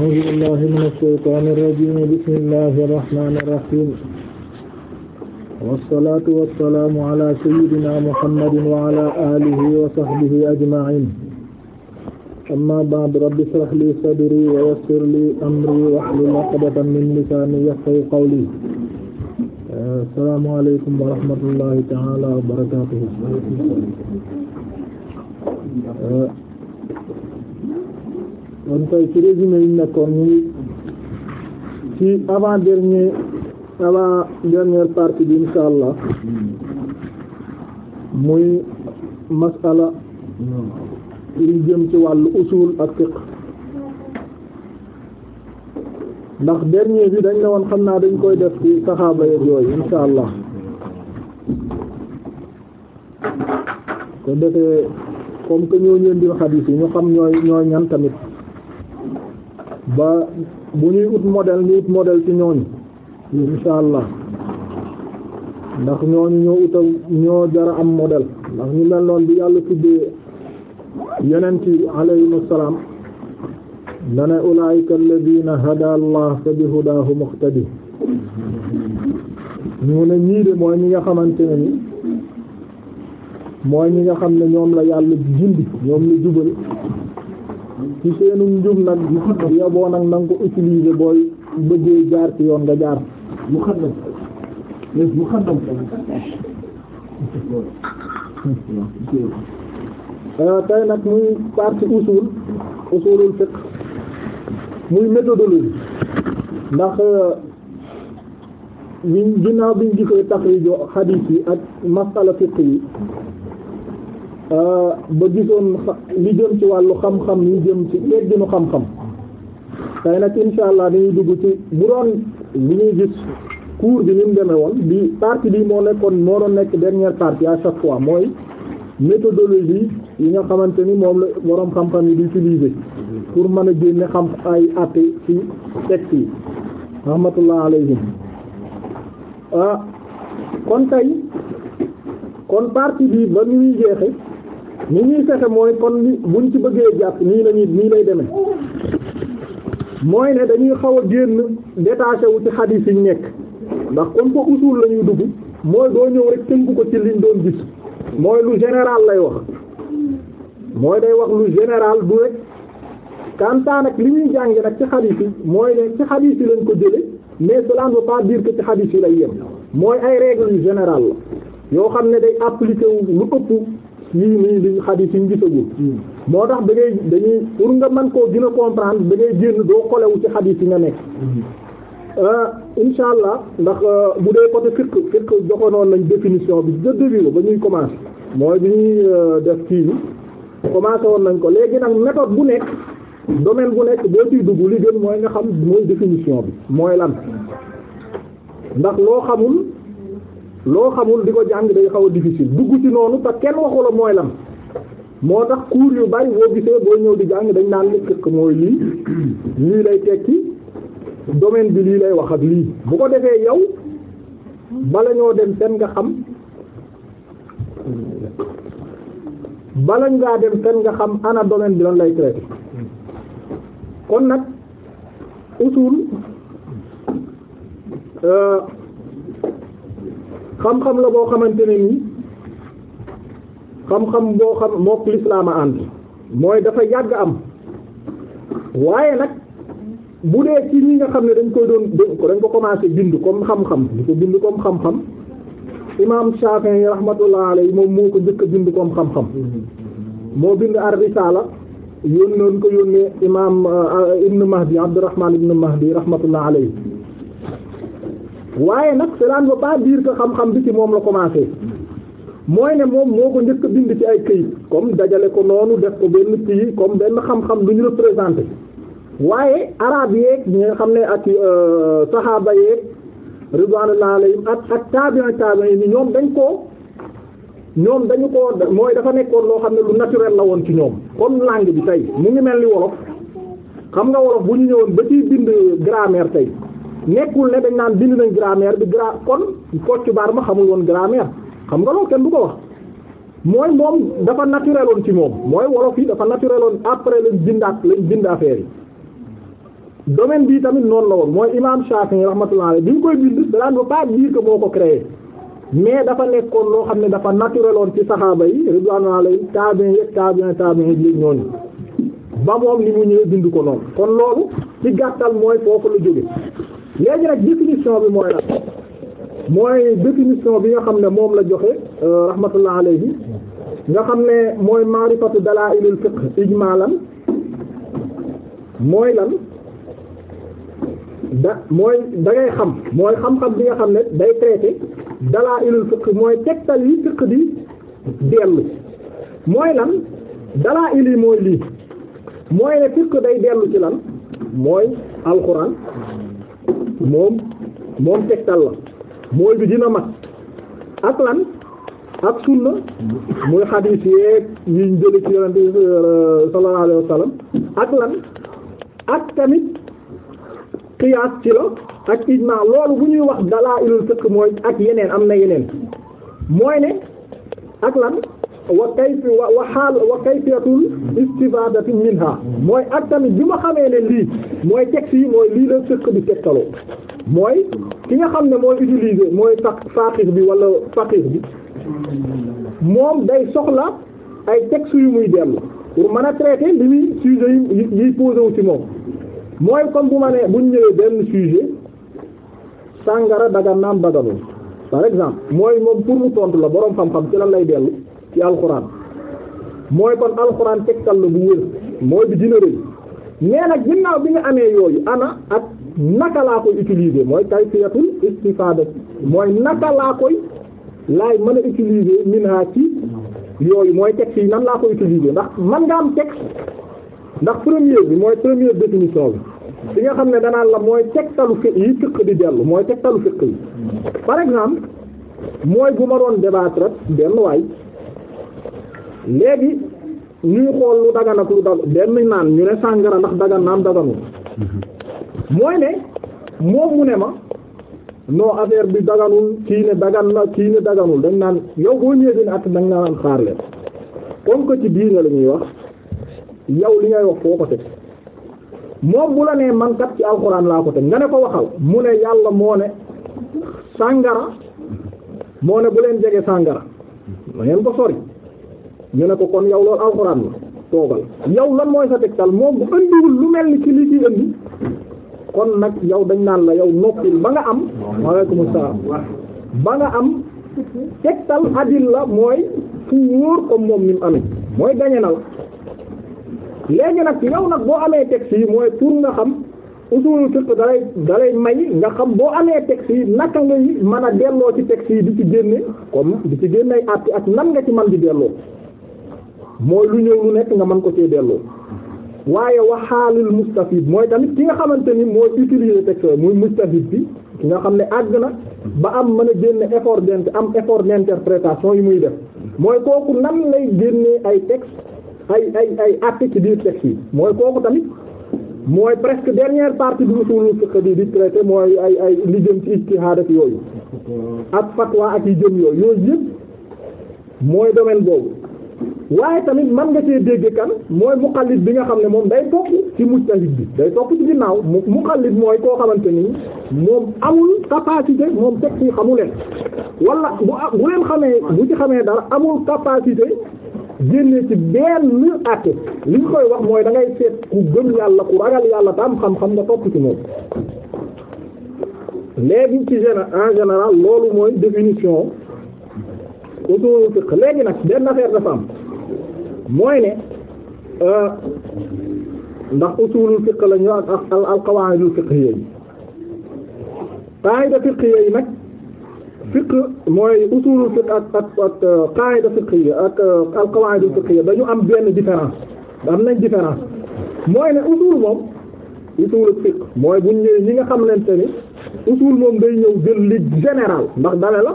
أعوذ بالله من الشيطان الرجيم بسم الله الرحمن الرحيم والصلاة والسلام على سيدنا محمد وعلى آله وصحبه أجمعين أما بعد رب اشرح لي صدري ويسر لي أمري واحلل عقدة من لساني يفقهوا قولي asalaamu aleykum wa rahmatullahi taala wa barakaatuhu kon tey ci résumé yi nekkoon ñu ngi ci avant dernier avant dernière partie bi insha allah muy masala li jëm ci wàll usul ak fiqh ndax dernier bi dañ la woon xam naa dañ koy def ci saxaaba ya yooyu insha allah ko defee comme que ñoo leen di xadiis yi ñu xam ñooy ñooy ñan tamit ba bu ñuy ut modèle ñu ut model ci ñooñu insha allah ndax ñooñu ñoo utal ñoo jara am modèle ndax ñu mel noonu bi yàlla tuddee yonent yi alayhimu salaam na ne ulaayika alladina hada allah fa bi hudaahu muqtadi ñu ne ñii de mooy ñi nga xamante ne ni mooy ñi nga xam ne ñoom la yàlla gindi ñoom la jubal ci seenu njub nag yoboo nag na nga booy bëggee jaar ci yoon nga jaar mu xam ne mais mu xam ne euh, nag muy partie usul usulul fiqh muy méthodologie ndax euh, biñ ginnaaw biñ gisee taxrijo xadiis yi ak masala fiqh yi Euh, ba gisoon li jëm ci wàllu xam-xam li jëm ci tegginu xam-xam tey nag insha allah dañuy dugg ci bu doon li ñuy gis cours bi ni mu demee woon bi partie bi moo nekkoon moo doon nekk dernière partie à chaque fois mooy méthodologie yi nga xamante ni moom la boroom xam-xam yi di utiliser pour mën a génne xam ay àtte ci texte yi rahmatullah alayhim ah kon tey kon partie bi ba ñuy jeexe ni ñuy fexe mooy kon li buñ ci bëggee jàpp nii lañuy nii lay demee mooy ne dañuy xaw a génn détaché wu ci xadiis yi nekk ndax comme ko usul la ñuy dugg mooy doo ñëw rek tënku ko ci liñ doon gis mooy lu général lay wax mooy day wax lu général du rek kantaan ak li ñuy jàngi nag ci xadiis yi mooy ne ci xadiis yi lañ ko jële mais cela ne veut pas dire ci xadiis lay yem mooy ay règles yu général la yoo xam ne day appliqué wu lu ëpp yii nii liñ xadis yi ñu gisagul hmm. moo tax da dañuy pour nga mën koo gën a comprendre da ngay génn doo xolewu ci xadis yi nga nekk hmm. euh, insha allah ndax euh, bu dee côté fiqh fiqh joxonoon nañ définition bi de début ba ñuy commencer mooy bi ñuy euh, def kii bi commencé woon nañ ko léegi nag méthode bu nekk domaine bu nekk boo ciy dugg li gën mooy nga xam mooy définition bi mooy lan ndax loo xamul loo xamul di ko jàng day xaw a difficile dugg ci noonu te kenn waxu mooy lan moo tax cours yu bari boo gisee boo ñëw di jàng dañ naan li fekk mooy lii lii lay tekki domaine bi lii lay wax ak lii bu ko defee yow bala ñoo dem fenn nga xam bala ngaa dem fenn nga xam ana domaine bi lan lay traité kon nag usul euh, xam-xam la boo xamante ne nii xam-xam boo xam mook lislaam a ànd mooy dafa yàgg am waaye nag bu dee ci ñi nga xam ne dañ koy doon dañ ko commencé bind comme xam-xam ko bind comme xam-xam imaam Shafi'i rahmatullah alayhi moom moo ko njëkk a bind comme xam-xam moo bind ar-risaala yónnoon ko yónnee imaam euh, Ibn Mahdi Abdurrahman Ibn Mahdi rahmatullah alayhi waaye nag cela ba baa biir dire que xam-xam bi ci moom la commencé mooy ne moom moo ko njëkk a bind ci ay këyit comme dajale ko noonu def ko benn kii comme benn xam-xam lu ñu représenté waaye arabe yeeg ñi nga xam ne ak euh, saxaaba yeeg ridwanullahi alayhim ak ak tabi'in tabi'in ni ñoom dañ koo ñoom dañu koo mooy dafa nekkoon loo xam ne lu naturel la woon ci ñoom comme langue bi tey mu ngi mel ni wolof xam nga wolof bu ñu ñëwoon ba ciy bind grammaire tey nekkul ne dañ naan bind nañ grammaire bi gra kon Kocc Barma xamul woon grammaire xam nga loo kenn bu ko wax mooy moom dafa naturel woon ci moom mooy wolof yi dafa naturel woon après lañ bindaat affaire yi domaine bii tamit noonu la woon mooy imam Shafi'i rahmatullah alayhi koy bind daan ba pas dire que moo ko créé mais dafa nekkoon loo xam ne dafa naturel ci saxaaba yi ridwanullahi alayhim tabi'in yëg tabi'in tabi'in yi ñooñu ba moom li mu ñëwee bind ko noonu kon loolu ci gàttal mooy foofu la jóge léegi nag définition bi mooy la mooy définition bi nga xam ne moom la joxe euh, rahmatullah alayhi nga xam ne mooy maarifatu dalaa'ilul fiqh ijmaalan mooy lan da mooy da xam mooy xam-xam bi nga xam ne day traité dalaa'ilul fiqh mooy tegtal yi fiqh di dellu mooy lan dalaa'il yi mooy lii mooy ne fiqh day dellu ci lan mooy alxuraan moom moom tegtal la mooy bi dina mag ak lan ak sunna muy xadiis yeeg yiñ jële ci yonent bi euh, sallallahu alayhi wa ak lan ak tamit qiyaas ci la ak ijmaa loolu bu ñuy wax dalaa ilul fiqh mooy ak yeneen am na yeneen mooy ne ak lan wa kayfi wa xaal wa kayfiyatul istifadati minha mooy ak tamit bi ma xamee ne lii mooy texte yi mooy lii la sëkk bi tegtaloo mooy ki nga xam ne mooy utiliser mooy fa faqih bi wala faqih bi moom day soxla ay texte yu muy dellu pour mën a traité li muy sujet yi yiy posé wu ci moom mooy comme bu ma nee bu ñëwee benn sujet sàngara daga naam daganul par exemple mooy moom pour mu tontu la boroom xam-xam ci lan lay dellu ci alxuraan mooy kon alxuraan tegtal la bu wér mooy bi dina rëy mais ginnaaw bi nga amee yooyu ana ak naka laa koy utiliser mooy kayfiyatul istifaada mooy naka laa koy laay mën a utiliser minha ci yooyu mooy texte yi nan laa koy utiliser ndax man nga am texte ndax première bi mooy première définition bi nga xam ne danaan la mooy tegtalu fiqh yi fiqh di dellu mooy tegtalu fiqh yi par exemple mooy bu ma doon débattre benn waay léegi ñuy xool lu dagan lu dagan naan ñu ne sàngara ndax dagan naam daganul mhm. mooy ne moom mu ne ma non affaire bi daganul kii ne dagan na kii ne daganul dañ naan yow boo ñëwee dina at dañ naan xaar leen comme ci diine la ñuy wax yow li ngay wax foo ko moom bu la nee man kat ci alxuraan laa ko teg nga ne ko waxal mu ne yàlla moo ne sàngara moo ne bu leen jege sàngara ngeen ko sori ñu ne ko kon yow loolu alxuraan la toogal yow lan mooy sa tegtal moom bu andiwul lu mel ni ci lii ciy andi kon nag yow dañ naan la yow noppil ba nga am waaleykum salaam ba nga am tegtal adil la mooy fu wóor comme moom ni mu amee mooy gañe na la nag yow nag boo amee texte yi mooy pour nga xam usul fiqh dalay dalay may nga xam boo amee texte yi naka ngay mën a delloo ci texte yi di ci génne comme di ci génne ay àtt ak nan nga ci man di delloo mooy lu ñëw lu nekk nga man ko cee delloo waaye wax waxaalul mustafid mooy tamit ki nga xamante ni mooy utiliser texte muy mustafid bi nga xam ne àgg na ba am mën a génne effort d' am effort d'interprétation yi muy def mooy kooku nan lay génnee ay texte ay ay ay acte ci biir mooy kooku tamit mooy presque dernière partie bi usulul fiqh traité mooy ay ay li jëm ci yooyu ak fatwa yi jëm yooyu yooyu yëpp mooy domaine boobu waaye tamit man nga see dégg kan mooy muqallid bi nga xam ne moom day topp ci mujtahid bi day topp ci ginnaaw mu mooy koo xamante ni moom amul capacité moom teg ci xamu leen wala bu a bu leen xamee bu ci xamee dara amul capacité génne ci benn àtte li koy wax mooy dangay ngay seet ku gëm yàlla ku ragal yàlla tam xam-xam nga topp ci moom léegi ci général en général loolu mooy définition. usul fiqh léegi nag benn affaire dafa am mooy ne euh, ndax usulul fiqh la ñu ak al al qawaidul fiqhiyya yi qaida fiqhiyya yi nag fiqh mooy usulul fiqh ak ak ak euh, qaida fiqhiyya ak euh, al dañu am benn différence am nañ différence mooy ne usul moom usulul fiqh mooy buñ ñëwee ñi nga xamante ni usul moom day ñëw général ndax dale la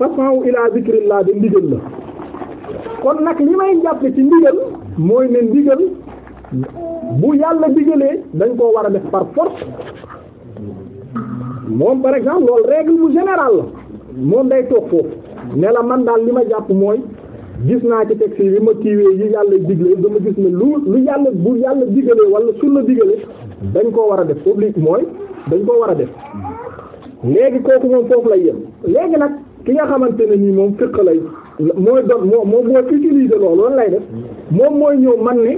façon ila zikrillah de ndigal la kon nag li may jàpp ci ndigal mooy ne ndigal bu yàlla digalee dañ koo war a def par force moom par exemple loolu règle bu générale la moom day toog foofu ne la man daal li ma jàpp mooy gis naa ci texte bi ma kiiwee yi yàlla digle dama gis ne lu lu yàlla bu yàlla digalee wala sunna digalee dañ koo war a def public mooy dañ koo war a def léegi kooku moom foofu lay yem léegi nag li nga xamante ne nii moom fiq lay mooy doon moom moom mooy utiliser loolu lan lay def moom mooy ñëw man ne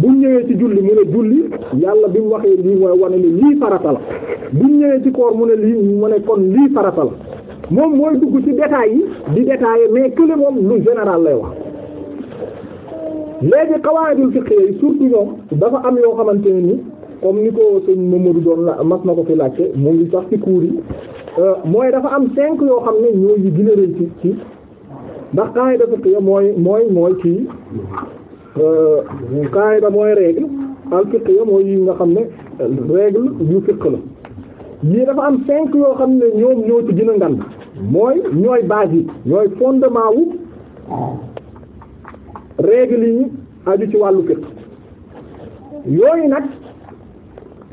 bu ñëwee ci julli mu ne julli yàlla bi mu waxee lii mooy wane lii farata la bu ñëwee ci koor mu ne lii mu ne kon lii farata la moom mooy dugg ci détails yi di détailler mais kële moom lu général lay wax léegi qawaidul fiqh yi surtout ñoom dafa am yoo xamante ne ni comme ni ko sëñ Mamadou doon la mas na ko fi laajte mu ngi sax ci cours yi Euh, mooy dafa am cinq yoo xam ne ñooy yi gën rëy ci ci ndax qaida fiqhiyya mooy mooy mooy ci euh, qaida mooy règle al fiqhiyya mooy yi nga xam ne règle yu fiqh la yii dafa am cinq yoo xam ne ñoom ñoo ci gën a ngan mooy ñooy base yi ñooy fondement wu yi aju ci wàllu fiqh yooyu nag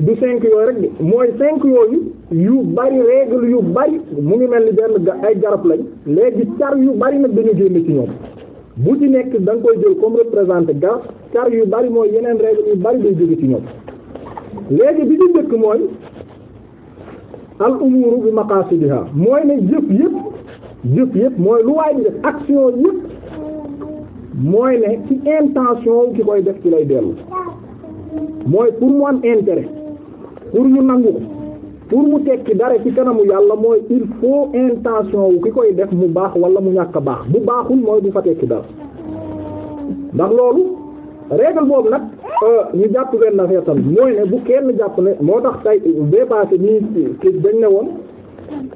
du cinq yooyu rek bi mooy cinq yooyu yu bari règle yu bari mu ngi mel ni benn ay garab lañ léegi car yu bari nag dañu génn ci ñoom bu ci nekk da nga koy jël comme représenté garab car yu bari mooy yeneen règle yu bari day jóge ci ñoom léegi bi ñu jëkk mooy al umuru bi maqasidiha mooy ne jëf yëpp jëf yëpp mooy lu waay di def action yëpp mooy ne ci intention ki koy def ci lay dellu mooy pour mu am pour ñu nangu ko pour mu tekki dara ci kanamu yàlla mooy il faut intention ki koy def mu baax wala mu ñàkk a baax bu baaxul mooy du fa tekki dara ndax loolu règle boobu nag euh, ñu jàpp benn na feetam mooy ne bu kenn jàpp ne moo tax tey bee passé nii ci dañ ne woon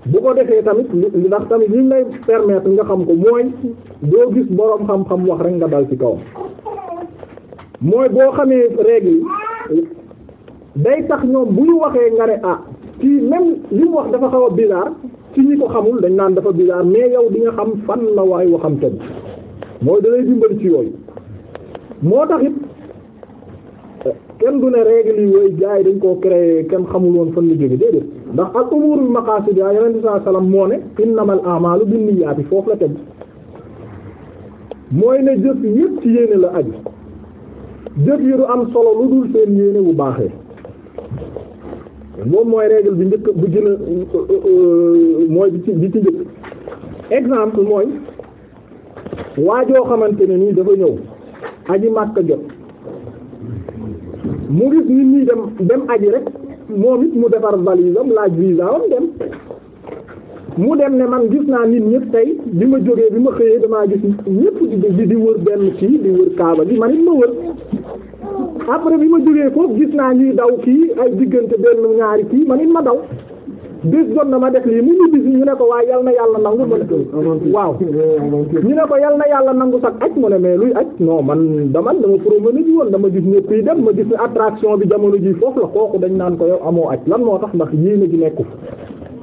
bu ko defee tamit ndax tamit li lay permettre nga xam ko mooy doo gis boroom xam-xam wax rek nga dal ci kaw mooy boo xamee règle day tax ñoom bu ñu waxee nga ne ah kii même li mu wax dafa xaw a bizarre ci ñu ko xamul dañ naan dafa bizarre mais yow di nga xam fan la waay waxam te mooy da lay dimbali ci yooyu moo tax it kenn du ne règle yi yooyu gars dañ koo créé kenn xamul woon fan la jóge déedéet ndax al umurul maqasid ya yeneen bi saa sallam moo ne innamal a'malu binniyaati foofu la teg mooy ne jëf yëpp ci yéene la aju jëf yi du am solo lu dul seen yéene bu baaxee moom mooy règle bi njëkk bu gën a mooy bi ci bi ci njëkk exemple mooy waajoo xamante ne nii dafa ñëw aji Makka jot mu gis nit ñi dem dem aji rek moom it mu defar valise am laaj visa am dem mu dem ne man gis naa nit ñëpp tey bi ma jógee bi ma xëyee damaa gis ñëpp di di wër benn ci di wër kaaba bi man it ma wër après bi ma jógee foofu gis naa ñuy daw kii ay diggante benn ñaari kii man it ma daw bés jot na ma def lii mu ñu bis ñu ne ko waaye yal na yàlla nangu ma waaw ñu ne ko yal na yàlla nangu sax aj mu ne mais luy aj non man dama dama promené ji woon dama gis ñëpp yi dem ma gis ne attraction bi jamono ji foofu la kooku dañ naan ko yow amoo aj lan moo tax ndax yéene gi nekku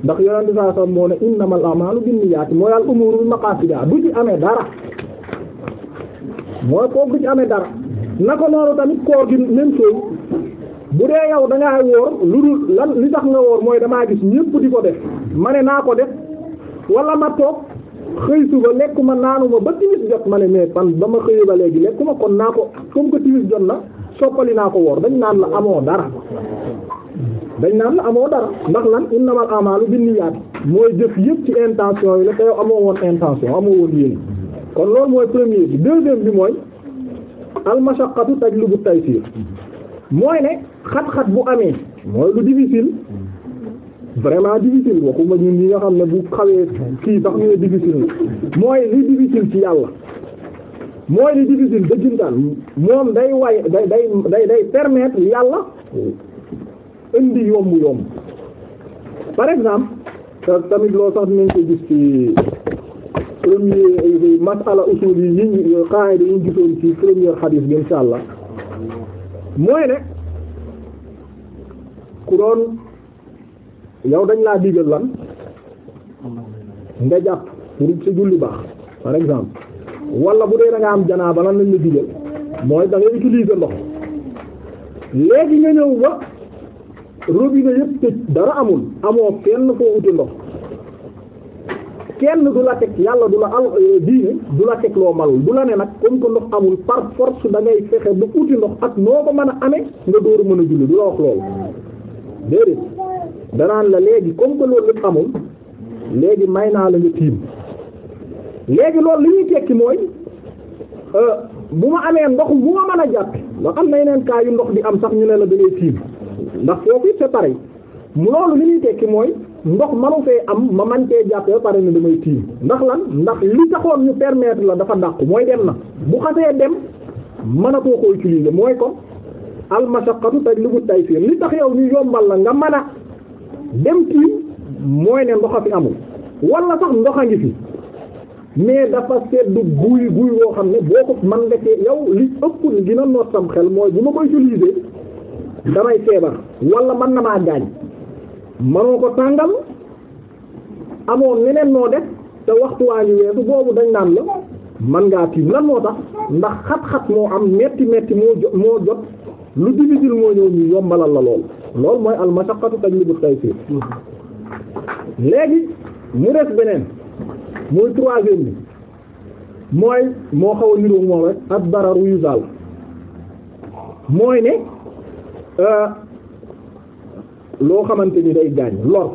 ndax yonente saa sa moo ne innamal a'malu binniyaati mooy al umuru maqaasida du ci amee dara mooy kooku du ci naka noonu tamit koor gi même bu dee yow da ngaa lu dul lan li tax nga woor mooy damaa gis ñépp di ko def ma ne naa ko def wala ma toog xëy suba lekkuma naanuma ba timis jot ma ne mais pan ba ma xëyee ba léegi lekkuma kon naa ko comme que timis jot na soppali naa ko wóor dañ naan la amoo dara dañ naan la amoo dara ndax lan innamal a'malu binniyaat mooy jëf yëpp ci intention yi la te yow amoo woon intention amoo woon yéen kon loolu mooy premier bi mooy. almashaqqatu tajlibu taysir mooy ne xat-xat bu amee mooy lu difficile vraiment difficile waxuma ñun ñi nga xam ne bu xawee kii sax ñu ne difficile na mooy li difficile ci yàlla mooy li difficile dëggintaan moom day way day day day day permettre yàlla indi yomb yomb par exemple tamit loo sax nañ ko gis ci premier euh, masala usul yi yi euh, qaida yi ñu gisoon ci premier xadiis bi insha mooy ne ku doon dañ laa digal lan nga jàpp pour sa julli baax par exemple wala bu dee da am janaaba lan lañ la digal mooy da ngay utiliser ndox léegi nga ñëw ba robinet yëpp dara amul amoo kenn foo uti ndox kenn du la teg yàlla du la al euh, diine du la teg loo malul du la ne nag comme que ndox amul par force da ngay fexe ba uti ndox ak noo ko mën a amee nga dooru mën a julli du la wax loolu danaan la léegi comme que loolu lépp amul léegi may naa la nga léegi loolu li ñuy tekki mooy euh, bu ma amee ndox bu ma mën a jàpp ndax am na yeneen cas ndox di am sax ñu ne la da ngay tiim ndax foofu it c'est pareil loolu li ñuy tekki mooy ndox manu fee am ma man te jàpp ba pare ne damay tiim ndax lan ndax li taxoon ñu permettre la dafa dàqu mooy dem na bu xasee dem mënatoo ko utiliser mooy ko al mashaqqatu tajlibu taysir li tax yow ñu yombal la nga man a dem tiim mooy ne ndox a fi amul wala sax ndox a ngi fi mais dafa seddu guy guy woo xam ne boo ko man nga cee yow li ëpp li gën a noot sam xel mooy bu ma ko utiliser damay feebar wala mën na maa gaañ. mënoo ko tàngal amoon neneen noo def te waxtu waa ngi weesu boobu dañ naan la man ngaa tiim lan moo tax ndax xat-xat moo am metti metti moo jot moo jot lu difficile moo ñëw ñu yombalal la lool loolu mooy al mashaqqatu tajlibu taysir léegi mu des beneen muy troisième bi mooy moo xaw a niroog moom rek ad dararu yuzal mooy ne euh, loo xamante ni day gaañ lor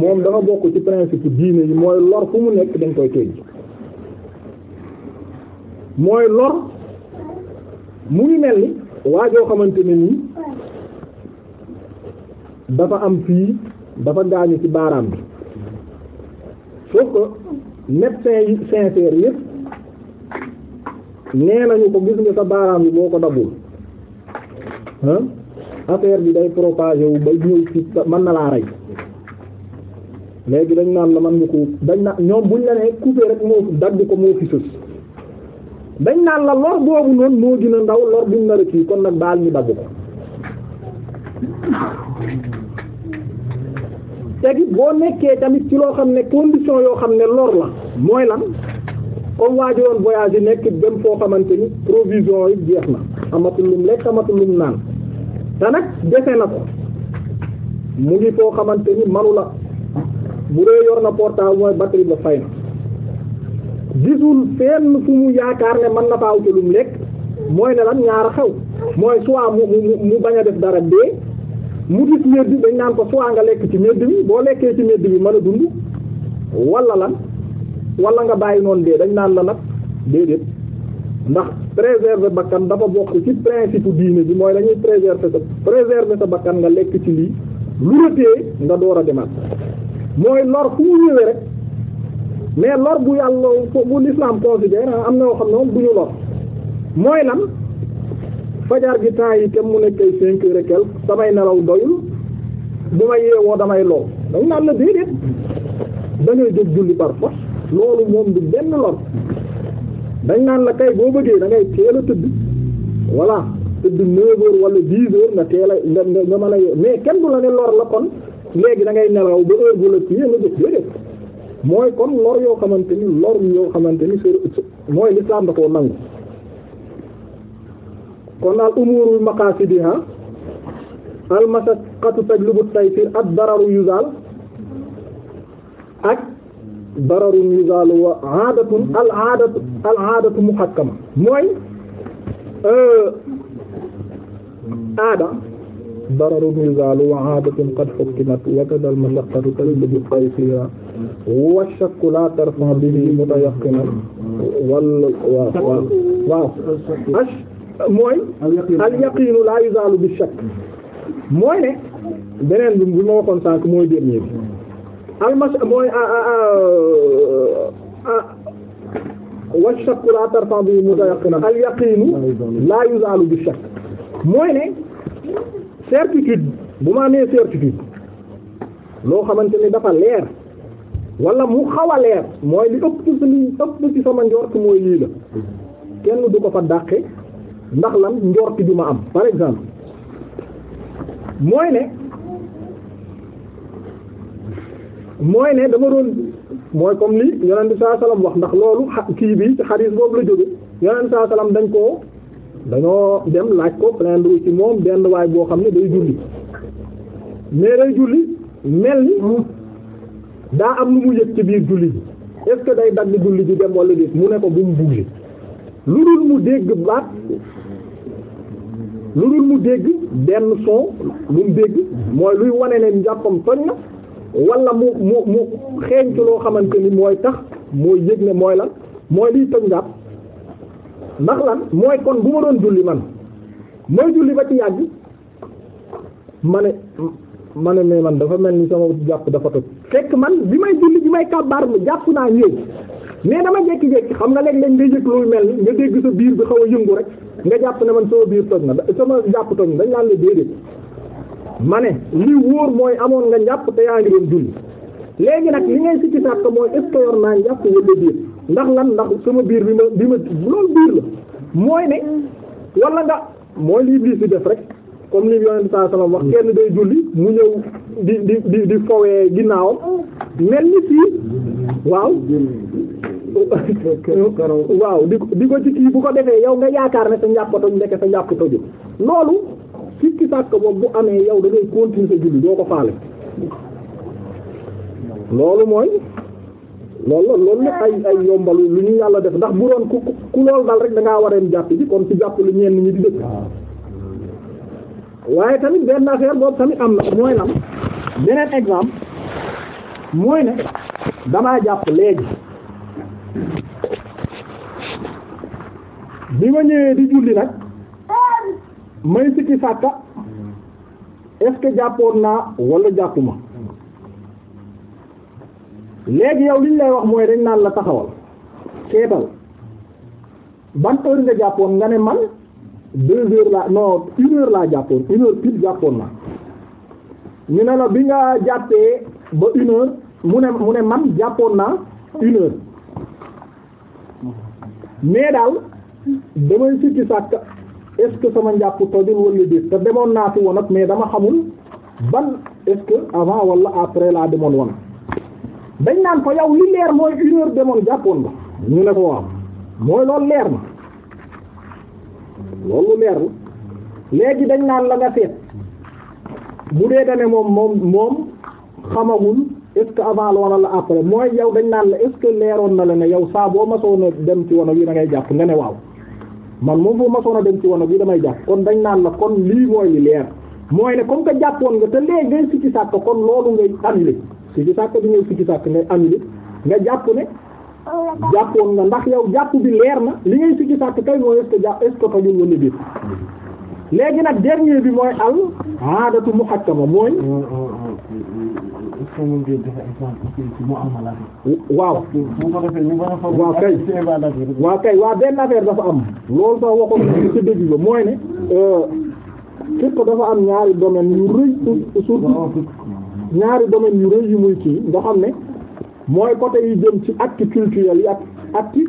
moom dafa bokk ci principe diine yi mooy lor fu mu nekk dañ koy teggi mooy lor mu ngi mel ni waajoo xamante ne nii dafa am fii dafa gaañu ci baaraam bi sauf que médecin yi sincère yëpp nee nañu ko gis nga sa baaraam bi boo ko daggul affaire bi day propagé wu ba ñëw ci mën na laa rey léegi dañ naan la man nga ko dañ na ñoom buñ la nee coupé rek moo dagg ko moo fi sës dañ naan la lor boobu noonu moo gën a ndaw lor buñ nar a kii kon nag baal ñu dagg ko tegi boo nekkee tamit ci loo xam ne condition yoo xam ne lor la mooy lan comme waa ji voyage yi nekk dem foo xamante ni provision yi jeex na amatul lum lekk amatul lum naan te nag defe na ko mu ngi foo xamante ni manula la bu dee yor na portable mooy batterie ba fay na gisul fenn fu mu yaakaar ne man na faa wuti lekk mooy ne lan ñaar xew mooy soit mu mu mu bañ a def dara dee mu gis medd bi dañ naan ko soit nga lekk ci medd bi boo lekkee ci medd bi man a dund wala lan wala nga bàyyi noonu dee dañ naan la nag déedéet ndax préserver bakkan dafa bokk ci principe diine bi mooy dañuy préserver sa préserver bakkan nga lekk ci lii lu la nga door a demaat mooy lor fu mu ñëwee rek mais lor bu yàlla bu l'islam considère ah, am na yoo xam ne moom bu ñu lor mooy lan fajar gi yi te mu nekk ay cinq heures samay nelaw doyul bu ma yeewoo damay lor dañ naan la déedéet dañuy jóg julli par loolu moom du benn lor dañ naan la kay boo bëggee dangay ngay a tëdd voilà tëdd 9 heures wala 10 heures nga teel a nga nga mën a yo mais kenn du la ne lor la kon léegi da ngay nelaw ba heure bu la kii nga jëf déedéet mooy kon lor yoo xamante ni lor yoo xamante ni s mooy l'islam da koo nangu kon al umuru maqasidiha al mashaqqatu tajlibu taysir ad dararu yuzal ak dararun yuzalu wa aadatun al aadatu al aadatu muhakkama mooy euh, aada dararun yuzalu wa aadatun qad hukkimat wa kadha al mashaqqatu tajlibu taysiira wa shakku la tarfa bihi mutayaqqinan wal waaw waaw mooy al yaqiinu la yuzalu bi shakk mooy ne beneen bi bu ma waxoon sànq mooy dernier bi almas mooy ah, ah, ah, wa shakku la tarfa al yaqinu la yuzalu bi shakk mooy ne certitude bu ma nee certitude loo xamante ni dafa leer wala mu xaw a leer mooy li ëpp ci sama njort mooy lii la kenn du ko fa dàqe ndax la njort bi ma am par exemple mooy ne mooy ne dama doon mooy comme li yonent wax ndax loolu kii bi ci xadiis boobu la jóge yonent bi saa dañ ko dañoo dem laaj ko plaindre ci moom benn waay boo xam ne day julli mais day julli mel ni daa am lu mu yëg ci biir julli bi est-ce que day dagg julli bi dem wala des mu ne ko bu mu bugli lu dul mu dégg baat lu dul mu dégg benn son lu mu dégg mooy luy wane ne njàppam toj na wala mu mu mu xeeñtu loo xamante ni mooy tax mooy yëg ne mooy lan mooy liy toj njàpp ndax la mooy kon bu ma doon julli man mooy julli ba ci yàgg ma ne ma ne mais man dafa mel ni sama jàpp dafa toj fekk man bi may julli bi may kàbbaar mi jàpp naa ñëw mais dama jékki-jékki xam nga léeg-léeg nga yëg luy mel nga dégg sa biir bi xaw a yëngu rek nga jàpp ne man sama biir toj na sama jàpp toj na dañ laan la déedéet ma ne li wóor mooy amoon nga njàpp te yaa ngi doon julli léegi nag li ngay sikki sàkk mooy est naa njàpp walla biir ndax lan ndax sama biir bi ma bi ma loolu biir la mooy ne wala nga mooy li Iblis di def rek comme li Yonent saa salaam wax kenn day julli mu ñëw di di di di fowee ginnaawam mel ni fii waaw waaw di ko di ko ci kii bu ko defee yow nga yaakaar ne sa njàpp toj ndeke sa njàpp toju loolu sikki sàkk boobu bu amee yow da ngay continuer sa julli doo ko faale loolu mooy loolu la loolu nag ay ay yombalu lu ñu yàlla def ndax bu doon ku ku loolu dal rek da ngaa war a jàpp ji kon ci jàpp lu ñenn ñi di dëkk waaye tamit benn affaire boobu tamit am na mooy lan beneen exemple mooy ne damaa jàpp léegi bi ma ñëwee di julli nag. may sikki sàkka est-ce que jàppoon naa wala jàppuma léegi yow liñ lay wax mooy rek naan la taxawal seetal ban heure nga jàppoon nga ne man deux heures la non une heure laa jàppoon une heure pile jàppoon naa ñu ne la bi nga jàppee ba une heure mu ne mu ne man jàppoon naa une heure mais daal damay sikki sàkka est-ce que sama njàpp tojul wala déet demoon naa fi wanag mais dama xamul ban est-ce que avant wala après laa demoon wanag dañ naan ko yow li leer mooy une heure demoon jàppoon ba ñu ne ko waaw mooy loolu leer na loolu leer la léegi dañ naan la nga seet bu dee dane moom moom moom xamagul est-ce que avant la wala la après mooy yow dañ naan la est-ce que leeroon na la ne yow saa boo masoon a dem ci wanag yi da ngay jàpp nga ne waaw man moom boo masoon a dem ci wanag bi damay jàpp kon dañ naan la kon lii mooy li leer mooy ne comme que jàppoon nga te léegi ngay sikki ko kon loolu ngay annulé sikki sàkk bi ngay sikki sàkk ngay annulé nga jàpp ne jàppoon nga ndax yow jàpp bi leer na li ngay sikki sàkk kay mooy est-ce jàpp est-ce que tojul wala biir léegi nag der dernier bi mooy al aadatu muhakkama mooy mm, mm, mm. xëy waaw bu ko defee kay waaw kay waaw benn affaire dafa am loolu sax waxoon mooy ne surtout euh, dafa am ñaari domaine yu rëy surtout ñaari domaine yu rëy yu muy kii nga xam ne mooy côté yi jëm ci acte culturel yi ak yi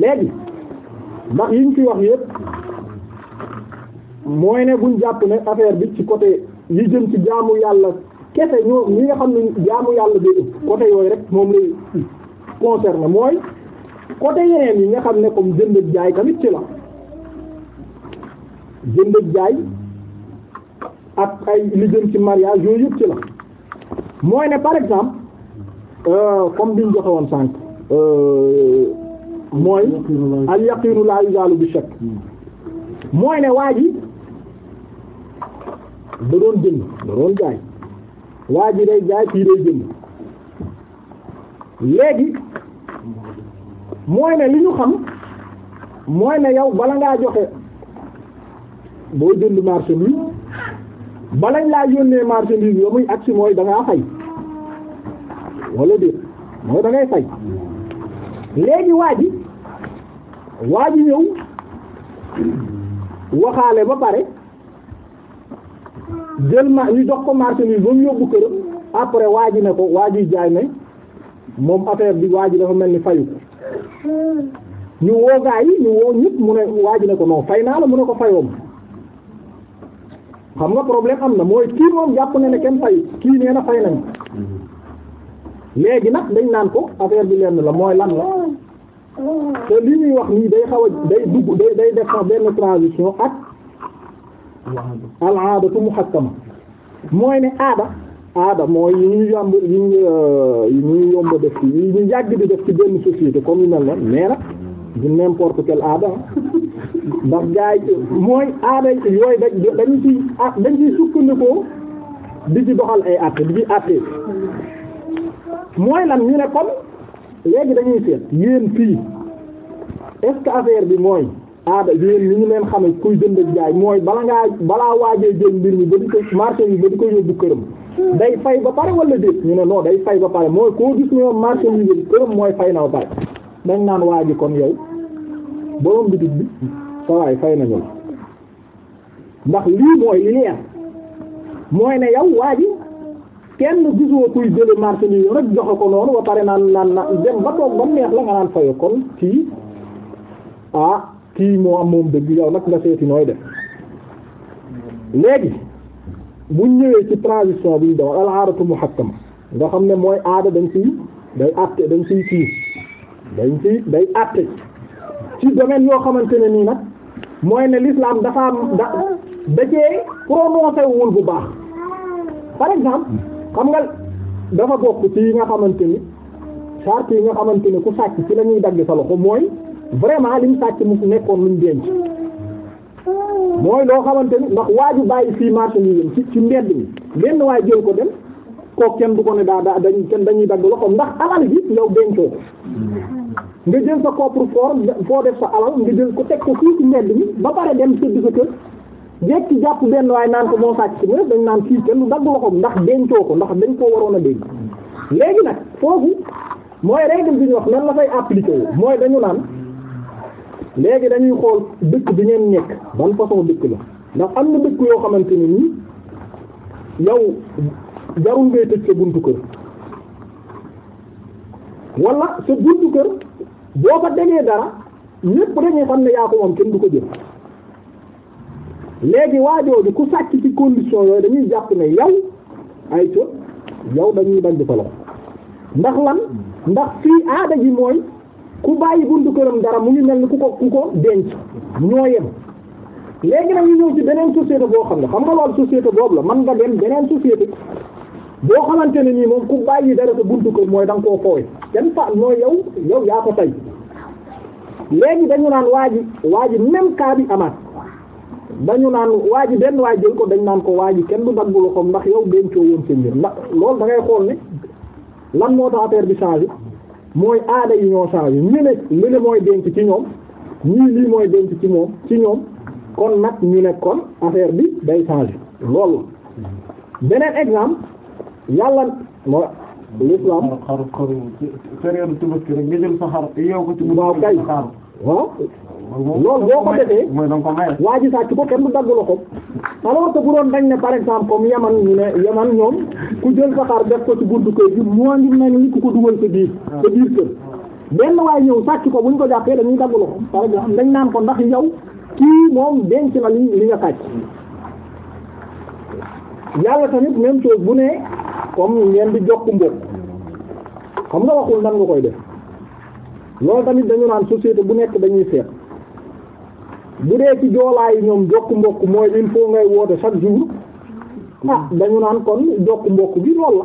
léegi ndax yiñ fi wax yépp mooy ne buñ jàpp ne affaire bi ci côté yi jëm ci jaamu yàlla kese ñoo ñi nga xam ne jaamu yàlla bi ëpp côté yooyu rek moom lay concerne mooy côté yeneen yi nga xam ne comme jënd ak jaay tamit ci la jënd ak jaay ak ay li jëm ci mariage yooyu yëpp ci la mooy ne par exemple euh, comme bi ñu joxe woon sànq euh, mooy al yaqinu la yuzalu bi shakk mooy ne waa ji da doon jënd da doon jaay waa ji day jaay fii day jënd léegi mooy ne li ñu xam mooy ne yow bala ngaa joxe boo jënd marchandise balañ laa yónnee marchandise yo muy agsi mooy da ngaa fay wala déet fay léegi waa ji waa ji ñëw waxaale ba pare jël ma ñu jox ko marchandise ba mu yóbbu këram après waa ji ne ko waa ji jaay ne moom affaire bi waa ji dafa mel ni fayu ñu woo gaa yi ñu woo ñëpp mu ne waa ji ne ko non fay naa la mu ne ko fayoom xam nga problème am na mooy kii moom jàpp na ne kenn fay kii nee na fay nañ léegi nag dañ naan ko affaire bi lenn la mooy lan la te li ñuy wax nii day xaw a day dugg day day def sax benn transition ak al aadatu muhakkama mooy ne aada aada mooy yi ñu yomb yi ñu euh, ñu yomb def ci ñu yàgg di def ci benn société comme yu mel noonu mais nag du n'importe quelle aada ndax gars yi mooy aada yooyu dañ dañ ciy ah, dañ ciy sukkandikoo di ci doxal ay àtte di ci àtte mooy lan ñu ne kon léegi dañuy seet yéen fii est affaire bi mooy. aada yéen li ñu leen xam kuy jënd ak jaay mooy bala ngaa balaa waajee jël mbir mi ba di ko marché bi ba di ko yóbbu këram day fay ba pare wala déet ñu ne non day fay ba pare mooy koo gis ñoom marché bi yóbbu këram mooy fay na ba pare dañ naan waa ji kon yow borom bitig bi sa fay nañu la ndax lii mooy li leer mooy ne yow waa ji kenn gisoo kuy jële marché bi rek joxe ko noonu ba pare naan naan naan dem ba toog ba neex la nga naan faye kon kii ah, kii moo am moom dëgg yow nag nga seeti nooy def léegi buñ ñëwee ci transition bi ñu dawal al nga xam ne mooy aada dañ ciy day àtte dañ ciy kii dañ ciy day àtte ci domaine yoo xamante ne nii nag mooy ne l'islam dafa am da da cee prononcé wul bu baax par exemple xam nga dafa bokk ci yi nga xamante ni charte yi nga xamante ni ku sàcc ci la ñuy dagg sa loxo mooy vraiment li mu sàcc mu nekkoon lu mu denc mooy loo xamante ni ndax waaju bàyyi fii marché yi yëm ci ci mbedd mi benn waay jël ko dem kooku kenn du ko ne daa daa dañ kenn dañuy dagg loxoom ndax alal bi yow dencoo ko nga jël sa coffre-fort foo def sa alal nga jël ko teg ko fii ci mbedd mi ba pare dem sëdd sa kër jekki jàpp benn waay naan ko moo sàcc si mu dañ naan fii kenn du dagg loxoom ndax dencoo ko ndax dañ koo waroon a dégg léegi nag foofu mooy règle bi ñu wax nan la fay appliquer mooy dañu naan léegi dañuy xool dëkk bi ngeen nekk ban façon dëkk la ndax am na dëkk yoo xamante ne nii yow jarul ngay tëj sa buntu kër wala sa buntu kër boo ko degee dara ñépp dañuy xam ne yaa ko moom kenn du ko jël léegi waajooju ku sàcc ci condition yooyu dañuy jàpp ne yow ay co yow dañuy bañ di fa loxo ndax lan ndax fii aada ji mooy ku bàyyi buntu këram dara mu ngi mel ni ku ko ku ko denc ñoo yem léegi nag ñu ñëw ci beneen société boo xam ne xam nga loolu société boobu la man nga dem beneen société boo xamante ne nii moom ku bàyyi dara sa buntu kër mooy da nga koo fooy kenn fa mooy yow yow yaa ko tey léegi dañu naan waa ji waa ji même cas bi amaat dañu naan waa ji benn waa jël ko dañ naan ko waa ji kenn du dagg loxoom ndax yow dencoo woon sa mbir ndax loolu da xool ne lan moo tax affaire bi changé. mooy aada yi ñoo saa yi ñu ne lu ne mooy denc ci ñoom ñii lii mooy denc ci moom ci ñoom kon nag ñu ne kon affaire bi day changer loolu beneen exemple yàlla mooy l'islam xaru xaru période tubaski rek nga jël sa xar yow ko kay waaw loolu boo ko defee waa ji sàcc ko kenn du dagg loxoom alors que bu doon dañ ne par exemple comme yaman ñu ne yaman ñoom ku jël saxaar def ko ci buntu kër gi moo ngi mel ni ku ko dugal sa biir ah. sa biir kër benn waay ñëw sàcc ko bu ñu ko jàppee dañuy dagg loxoom par exemple dañ naan ko ndax yow kii moom denc na li nga sàcc yàlla tamit même bu ne comme ngeen di jokk mbokk xam nga waxul nan nga koy def loolu tamit dañu naan société bu nekk dañuy seet bu dee ci joolaayu ñoom jokk mbok mooy il faut ngay woote chaque jour ah dañu naan kon jokk mbokk gi lool la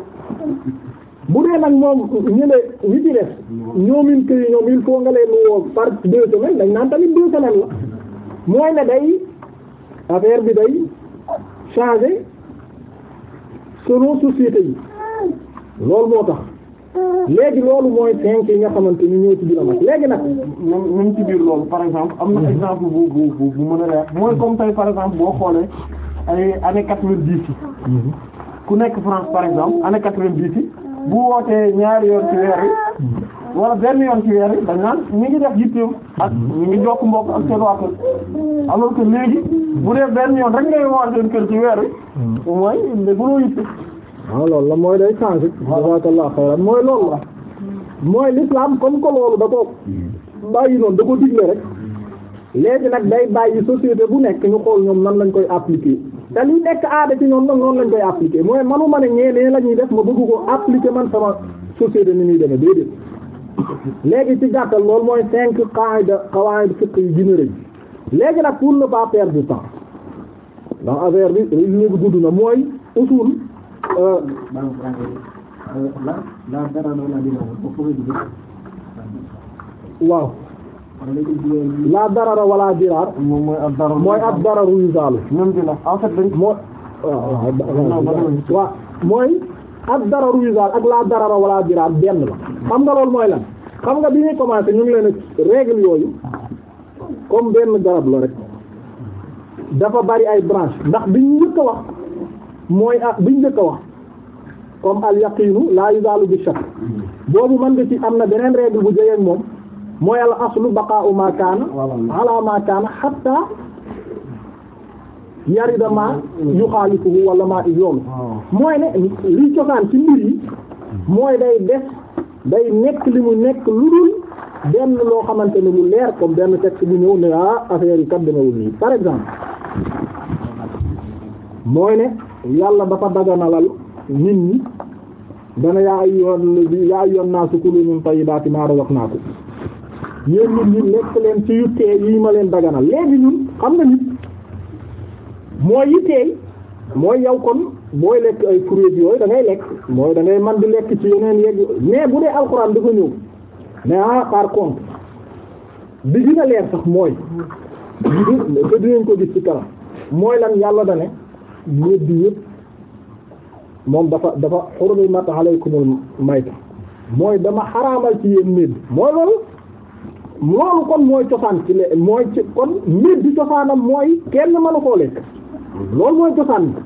bu dee nag moom ñu ne ñu ci def ñoomin këy ñoom il faut nga leen woo par deux semaines dañ naan tamit deux semaines mooy ne day affaire bi day changer selon société yi loolu moo tax léegi loolu mooy cinq yi nga xamante ni ñoo ci biir amat léegi nag moom moom ci par exemple am na mhm. exemple bu bu bu bu mën a leer par exemple boo xoolee ay année quatre-vingt-dix yi mhm. ku nekk France par exemple ane quatre-vingt-dix yi bu wootee ñaari yoon ci weer yi mhm. wala benn yoon ci weer yi dañ naan ñu ngi def yitteem ak ñu ngi jokk mbokk ak seen waa kër alors que léegi bu dee benn yoon rek ngay woor seen kër weer waaw loolu la mooy day changé jazakallah xayran mooy loolu la mooy l'islam comme ko loolu da ko bàyyi noon da ko digle rek léegi nag day bàyyi société bu nekk ñu xool ñoom nan lañ koy appliquer te li nekk aada ci ñoom nag noonu lañ koy appliquer mooy manuma ne ñeenee la ñuy def ma bëgg ko appliquer man sama société ni muy demee déedéet léegi ci gàttal loolu mooy cinq qaida qawaid fiqh yu gën a rëy léegi nag pour ne pas perdre du temps ndax affaire bi léegi gudd na waaw laa darara wala diraar mooy ab dararu yu saalu moo waaw mooy ab dararu yu saal ak laa darara wala diraar benn la xam nga loolu mooy lan xam nga bi ñuy commencé ñu ngi leen règle yooyu comme benn garab la rek dafa bari ay branche ndax bi ñu njëkk a mooy ah biñ njëkk a wax comme al yaqinu la yuzalu bi shakk boobu mën nga ci am na beneen règle bu jógee moom mooy al aslu baqa'u ma kaana ala ma kaana hatta yarida ma yuxaalifuhu wala ma loolu mooy ne li cosaan ci mbir yi mooy day def day nekk li mu nekk lu dul benn loo xamante ne lu leer comme benn texte bu ñëw ne ah affaire yi kat demewul nii par exemple mooy ne yàlla dafa daganalal nit ñi dana yaa yoon yaa yoon naa sukulu min tayyibaati maa razaqnaakum yéen nit ñi lekk leen ci yu teey yi ma leen daganal léegi ñun xam na nit mooy yi teey mooy yow kon booy lekk ay fruits yooyu da ngay lekk mooy dangay man di lekk ci yeneen yegg mais bu dee alxuraan dafa ñëw mais ah par contre bi dina leer sax mooy te dinañ ko gis ci kanam mooy lan yàlla da góor bi yëpp moom dafa dafa hurrimat alaykumul mayta mooy dama xaraamal ci yéen médd mooy loolu loolu kon mooy cosaan ci le mooy ci kon médd cosaanam mooy kenn mënu koo lekk loolu mooy cosaan bi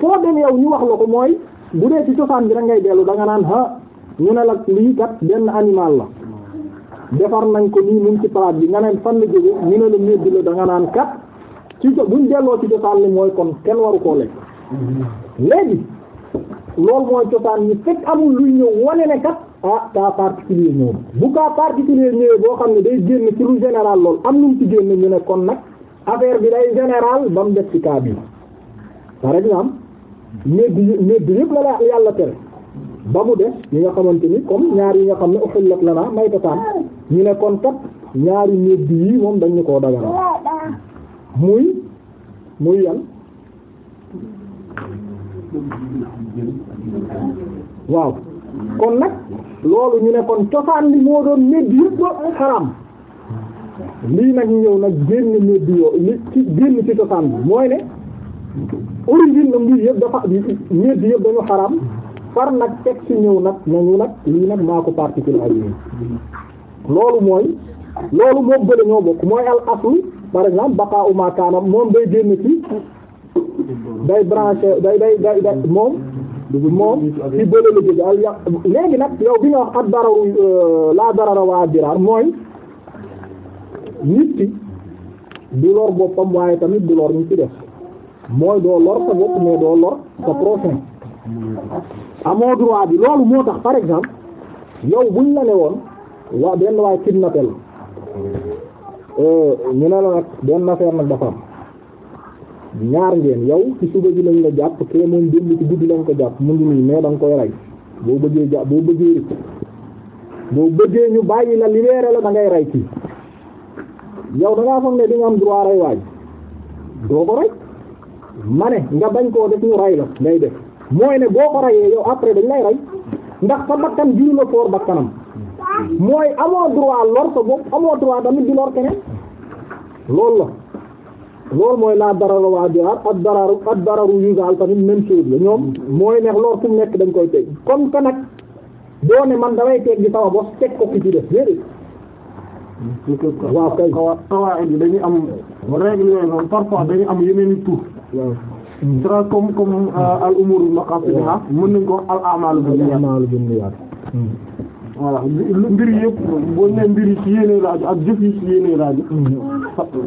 foo dem yow ñu wax la ko mooy bu dee ci cosaan bi da ngay dellu da nga naan ha ñu ne la lii kat benn animal la defar nañ ko nii mu ngi ci palaat bi nga neen fan la jóge ñu ne la médd la da nga naan kat ci buñ delloo ci cosaan li mooy kon kenn waru koo lekk léegi loolu mooy cosaan ni fekk amul luy ñëw wane ne kat ah cas particulier ñëw bu cas particulier ñëwee boo xam ne day génn ci lu général lool am nu mu ci génn ñu ne kon nag affaire bi day général ba mu def ci cas bi par exemple médd médd yëpp la yàlla tere ba mu def yi nga xamante ni comme ñaar yi nga xam ne uxillat la naa may tataan ñu ne kon kat ñaari médd yi moom dañu koo daganal muy muy yan waaw kon nag loolu ñu ne kon cosaan li moo doon medd yëpp xaram lii nag ñëw nag génn medd yoo li ci génn ci cosaan bi mooy ne origine na mbir yëpp dafa medd yëpp dañu xaram far nag teg ci ñëw nag nañu nag lii nag maa ko particulier loolu mooy loolu moo bële ñoo bokk mooy al par exemple baqaa uma kaanam moom day génn ci day branché day day day moom moom ci bële la jóge al yàq léegi nag yow bi nga wax at dara euh, laa darara waa diraar mooy nit ki du lor boppam waaye tamit du lor ñu ci def mooy doo lor sa bopp mais doo lor sa prochain amoo droit bi loolu moo tax par exemple yow buñ la ne woon wa benn waaye kidnappé Eh, ñu ne la nag benn affaire nag dafa ñaar ngeen yow ci suba ji lañ la jàpp te moom démb ci guddi lañ ko jàpp mu ngi nii mais da nga koy rey boo bëggee jàpp boo bëggee rek boo bëggee ñu bàyyi la libéré la dangay ngay rey kii yow da ngaa foog ne di nga am droit rey waaj doo ko rey ma ne nga bañ koo def ñu rey la ngay def mooy ne boo ko reyee yow après dañ lay rey ndax sa bakkan juru la foor bakkanam mooy amoo droit lor sa bopp droit tamit di lor keneen loolu la mooy laa darara waa diraar ak dararu ak dararu yugal tamit même chose la ñoom mooy neex lor mu nekk dañ koy teg comme que nag doo ne man damay teg di sama bos teg ko ki ci def déedéet waaw kay qawaid yi dañuy am règle yooyu noonu parfois dañuy am yeneen i tur sera comme comme euh, al umur maqasidiha mën nañ ko al a'mal bin niyyat voilà mbir yëpp boo nee mbir yi ci yéene laaj ak jëf yi ci yéene laaj.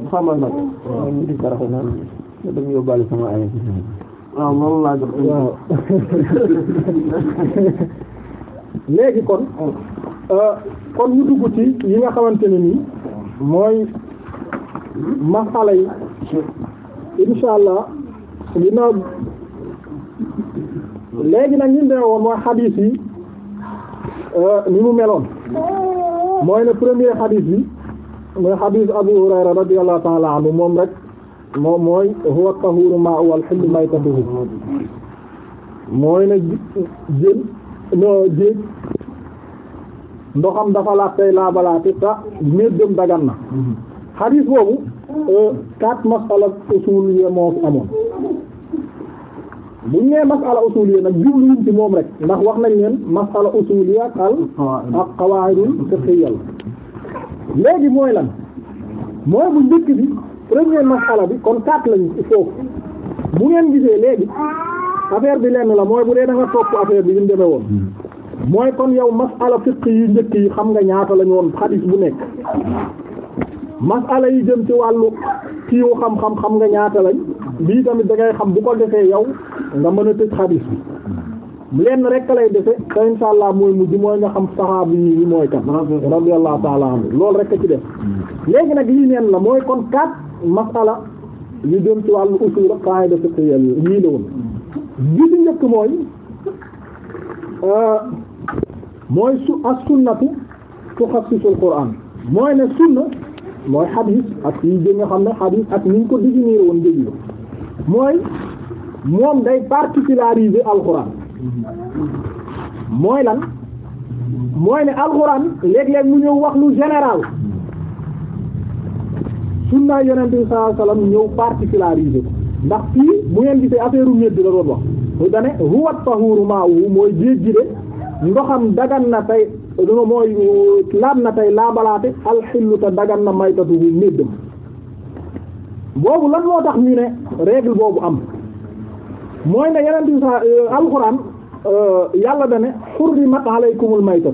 xamal mm-hmm. na ko. waaw ñu ngi faral di dem yóbbaale sama ay. waaw moom laa jox. léegi kon. Euh, kon ñu dugg ci yi nga xamante ne nii mooy masala yi insha allah léegi nag ñu ne woon mooy xadiis yi. Euh, ni mu meloon mooy ne premier xadiis bi mooy xadiis Abu Hurayra radiyallahu ta'ala anhu moom rek moom mooy huwa tahuru ma wal hillu maytatuhu mooy ne jën no jéeg ndoxam dafa laat tey laabalaati ta méddam dagan na xadiis mm-hmm. boobu euh, quatre masala usul yi moo fi amoon bu ñu nee masala usuliya nag jubluwuñ ci moom rek ndax wax nañ leen masala usuliya ak al ak qawaidul fiqhiyya léegi mooy lan mooy bu njëkk bi premier masala bi kon quatre lañ foofu bu ngeen gisee léegi affaire bi lenn la mooy bu dee da nga topp affaire bi ñu demee woon mooy kon yow masala fiqh yu njëkk yi xam nga ñaata lañu woon xadis bu nekk masala yi jëm ci wàllu kiiwu xam-xam xam nga ñaata lañ bii tamit da ngay xam bu ko defee yow nga mën a tëj xadiis bi lenn rek lay defe te insha allah mooy mujj mooy nga xam saxaabu yi mooy kan radiyallahu ta'ala anhu loolu rek a ci def léegi nag lii neen la mooy kon quatre masala yu jëm ci wàllu usul ak qaida fiqhiyya yii la woon bi ci njëkk mooy euh, mooy su as-sunnatu tuxassisul qur'an mooy ne sunna mooy xadiis ak yi jëm nga xam ne xadiis ak ni ñu ko définir woon déglu mooy moom day particulariser alxuraan mooy lan mooy ne alxuraan léeg-léeg mu ñëw wax lu général sunna yonent bi sallallahu alayhi wasallam ñëw particulariser ndax fii bu ngeen gisee affaire u médd la doon wax u dane huwa tahuru ma'u mooy géej gi de ndoxam dagan na tey mooy laab na tey laabalaate alxillu dagan na maytatu bu méddam boobu lan moo tax ñu ne règle boobu am mooy ne yeneen di euh, alxuraan euh, yàlla da ne xurrimat alaykumul maytat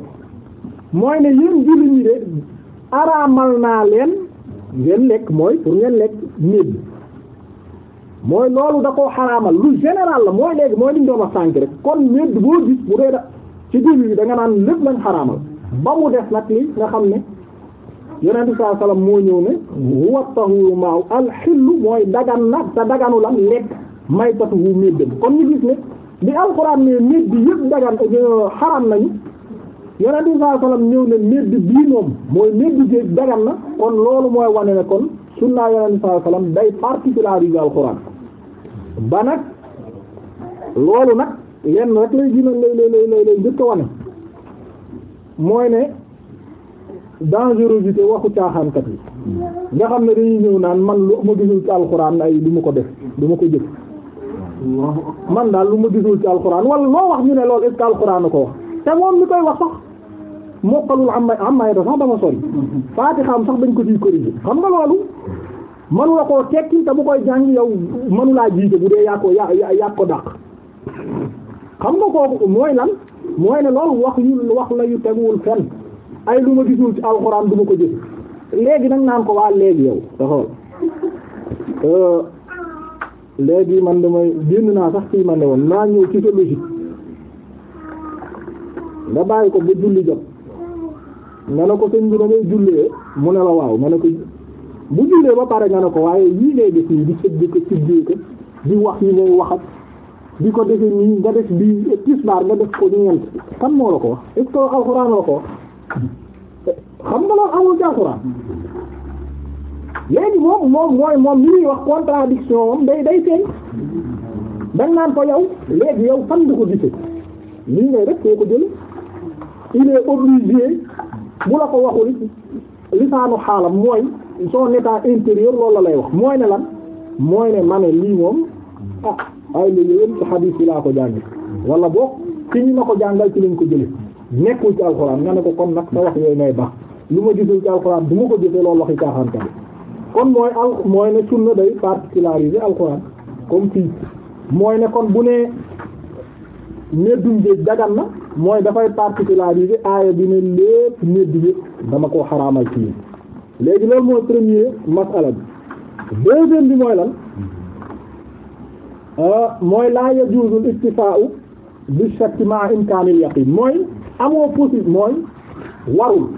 mooy ne yéen jullit ñi de araamal naa leen ngeen lekk mooy pour ngeen lekk néeg mooy loolu da koo xaraamal lu général la mooy léegi mooy liñ doon wax sànk rek kon médd boo gis bu dee da ci dil yi danga naan lépp lañ xaraamal ba mu des nag li nga xam ne yonent saa salaam moo ñëw ne huwa tahuru maaw alxillu mooy dagan na te daganu la lekk maytatuhu méddam kon ñu gis ne bi alxuraan ne médd yëpp dagan eh, euh, xaram nañu yonent saa salaam ñëw ne médd bii moom mooy médd bi dagan na kon loolu mooy wane ne kon sunnaa yonent saa salaam day particularisé alxuraan ba nag loolu nag lenn rek lay gën a lay lay lay lay wane mooy ne dangerosité waxu caaxaankat yi nga xam ne dañuy ñëw naan man lu ma gisul ci alxuraan ay du ma ko def du ma ko jëf man daal lu ma gisul ci alxuraan wala loo wax ñu ne loolu est-ce a ko wax te moom mi koy wax sax moqalul am amay sax dafa sori faatixaam sax dañ ko ciy corriger xam nga loolu manu la koo tekki te bu koy jàng yow manulaa jiite bu dee yaa ko yaa yaa ko dàq xam nga kooku mooy lan mooy ne loolu wax yu wax la yu teguwul fenn ay lu ma gisul alxuraan du ma ko jëf léegi nag naan ko waa léegi yow te xool euh, léegi man damay génn naa sax fii ma ne woon naa ñëw ci sa logique nga bàyyi ko ba julli jot nga ne ko sëñ bi damay mu ne la waaw nga ne ko bu jullee ba pare nga ko waaye yii ngay def nii di sëgg ko siggee ko di wax yi ngay waxat di ko defee nii nga def bii tisbaar nga def ko ñeent kan moo la ko wax alxuraan la ko xam nga loolu amul jaakuraan léegi moom moom mooy moom li ñuy wax contradiction am day day feeñ dañ naan ko yow léegi yow fan nga ko gisee li ngay def koo ko jël il est obligé bu la ko waxul lisaanu xaalam mooy son état intérieur loolu la lay wax mooy ne lan mooy ne ma ne lii moom ah ay la yéen ci xadiis yi laa ko jànge wala boog ci ñu ma ko jàngal ci lañ ko jële nekkul ci alxuraan nga ne ko kon nag sa wax yooyu ngay baax lu ma gisul ci alxuraan du ma ko jëfee loolu waxi caaxaan tamit kon mooy al mooy ne sunna day particularisé alxuraan comme fii mooy ne kon bu nee méddum géej dagan na mooy dafay particularisé aaya bi ne lépp médd bi dama koo xaraamal ci yéen léegi loolu mooy premier masala bi deuxième bi mooy lan euh, mooy laa yajuuzul iktifaa'u bi shakki ma'a imkaanil yaqiin mooy amoo possible mooy warul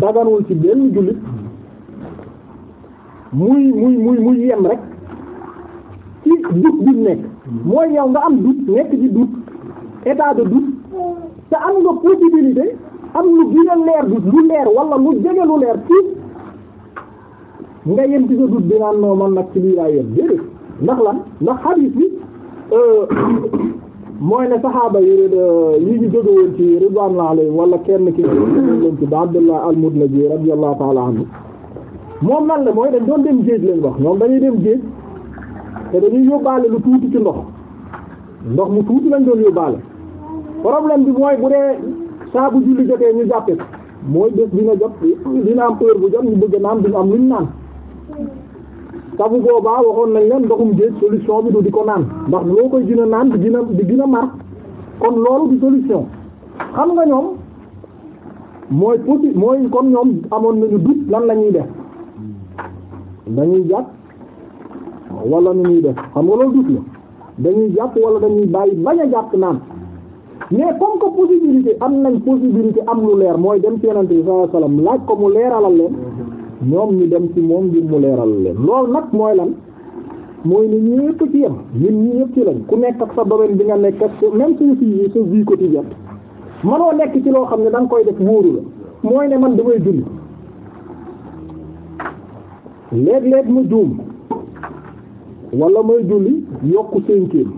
daganul ci benn jullit muy muy muy muy yem rek ci doute bi nekk mooy yow nga am doute nekk ci doute état de doute te am nga possibilité am lu gën a leer doute lu leer wala lu jege lu leer ci nga yem ci sa doute bi naan noo man nag ci lii laa yem déedéet ndax lan ndax xadiis bi euh, mooy na saxaaba yi euh, yi ñu jóge woon ci la alayhi wala kenn ki leen ci ba Abdullah al-Mudlaji radiyallahu ta'ala anhu moom nan la mooy dañ doon dem géej leen wax ñoom dañuy dem géej te dañuy yóbbaale lu tuuti ci ndox ndox mu tuuti lañ doon yóbbaale problème bi mooy bu dee saa bu julli jotee ñu jàppe mooy bés dina jot dina am heure bu jot ñu bëgg naan duñu am luñ naan sabu boobaa waxoon nañ leen ndoxum géej solution bi du di ko naan ndax loo koy gën a naan di gën a di gën a mar kon loolu du solution xam nga ñoom mooy possi mooy kon ñoom amoon nañu dut lan la ñuy def dañuy jàpp wala nu ñuy def xam nga loolu dut la dañuy jàpp wala dañuy bàyyi bañ a jàpp naan mais comme que possibilité am nañ possibilité am lu leer mooy dem ci Yonent bi sallallahu laaj ko mu leeralal leen ñoom ñu dem ci moom ngir mu leeral leen loolu nag mooy lan mooy ne ñëpp ci yem ñun ñi ñëpp ci lañ ku nekk ak sa domaine bi nga nekk ak même suñu fii sa vie quotidienne manoo nekk ci loo xam ne da koy def wóoru la mooy ne man damay julli léeg-léeg mu juum wala may julli yokku cinquième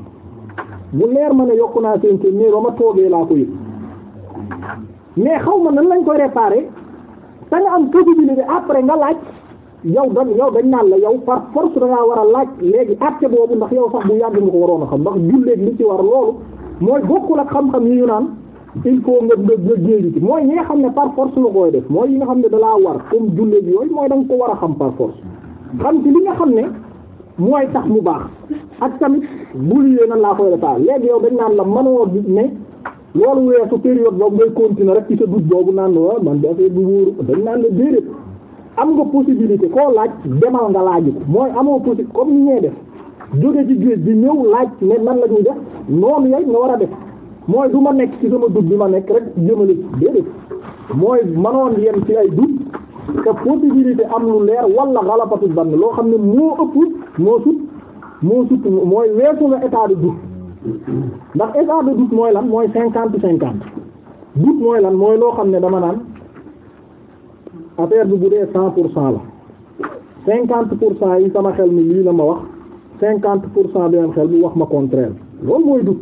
bu leer ma ne yokku naa cinquième mais ba ma toogee laa ko yëg mais xaw ma nan lañ koy réparer da nga am possibilité après nga laaj yow da yow dañ naan la yow par force da ngaa war a laaj léegi acte boobu ndax yow sax bu yàgg nga ko waroon a xam ndax julleeg li ci war loolu mooy bokkul ak xam-xam yi ñu naan il faut nga nga nga géej ci mooy ñi nga xam ne par force la koy def mooy yi nga xam ne dalaa war comme julleeg yooyu mooy da ko war a xam par force xam ci li nga xam ne mooy tax mu baax ak tamit bul yéen nan laa koy defaa léegi yow dañ naan la mënoo ne. loolu weesu période boobu ngay continuer rek ci sa dut boobu naan la man dafay du wóoru dañ naan la déedéet am nga possibilité koo laaj demal nga laaj mooy amoo possibilité comme ni ñee def jóge ci géej bi ñëw laaj ne nan la ñuy def noonu yay nga war a def mooy du ma nekk ci sama dut bi ma nekk rek jëmale déedéet mooy manoon yem ci ay dut te possibilité am lu leer wala xalapatul bann loo xam ne moo ëpp moo sut moo sut mooy weesu nga état dut ndax état de doute mooy lan mooy cinquante cinquante doute mooy lan mooy loo xam ne dama naan affaire bi bu dee cent pour cent la cinquante pour cent yi sama xel mi lii la ma wax cinquante pour cent beneen xel bu wax ma contraire loolu mooy doute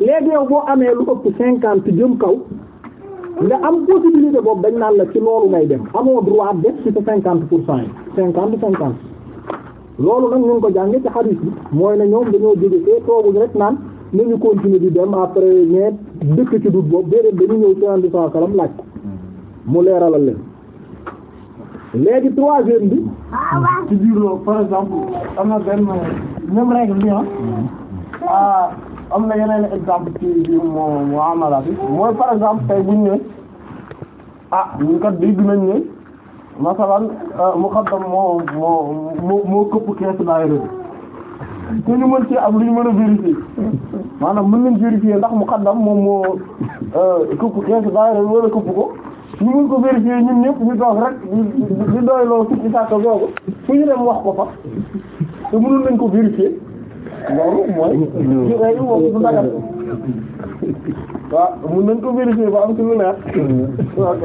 léegi yow boo amee lu ëpp cinquante jëm kaw nga am possibilité boobu dañ naan la ci loolu ngay dem amoo droit def ci sa cinquante pour cent yi cinquante cinquante loolu nag ñu ko jànge ci xarit bi mooy ne ñoom dañoo jóge fee nañu continuer di dem après ñee dëkk ci dut boobu déedéet dañu ñëw ci Yonent bi sallallahu alayhi mu leeralal leen léegi troisième bi ci biir loolu par exemple am na benn même règle bi ah, mm-hmm. ah am na yeneen exemple ci biir moo moo amala bi mooy par exemple tey buñ ne ah ñun kat dégg nañ ne masalan euh, muqaddam moo moo moo moo këpp keesu daayira bi ku ñu mën ci am lu ñu mën a vérifier maanaam mën nañ vérifier ndax muqaddam moom moo euh, këpp xeetu daayira wala këpp ko ñu mën ko vérifier ñun ñëpp ñu doog rek di doy wax ko fa te mënul nañ ko vérifier loolu mooy ci ay moom du dagat waaw mën nañ ko vérifier ba am ci lu leer waaw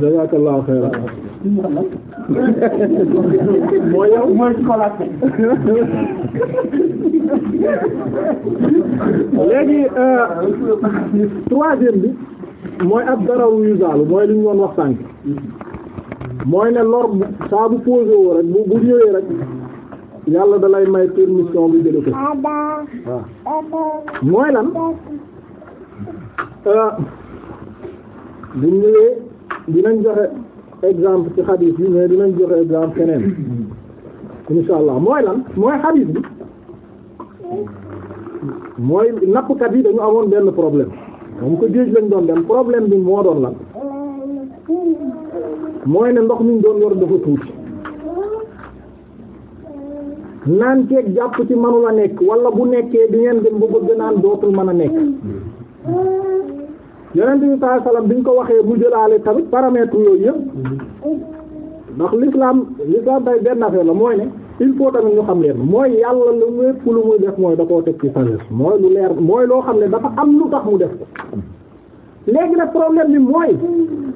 jazakallahu xayran mooy yow mooy scolarité léegi euh, troisième bi mooy ab darawu yu daalu mooy li ñu doon wax mooy ne lor saa bu posé woo rek bu bu ñëwee rek yàlla da lay may permission bu jëlee ko waaw mooy lan euh, bu exemple ci xadiis bi mais dinañ joxe exemple keneen insha mooy lan mooy xadiis bi mooy nappkat yi dañu amoon benn problème moom ko géej lañ doon dem problème bi moo doon lan mooy ne ndox miñ doon yor dafa tuuti naan ceeg jàpp ci manula nekk wala bu nekkee di ngeen dem ba bëgg naan dootul mën a nekk yonent bi sallallahu alayhi bi ñu ko waxee mu jëlaale tamit paramètre yooyu yëpp ndax l'islam l'islam tay benn affaire la mooy ne il faut tamit ñu xam leen mooy yàlla lu lépp muy def mooy da koo teg ci sagesse mooy lu leer mooy loo xam ne dafa am lu tax mu def ko léegi nag problème bi mooy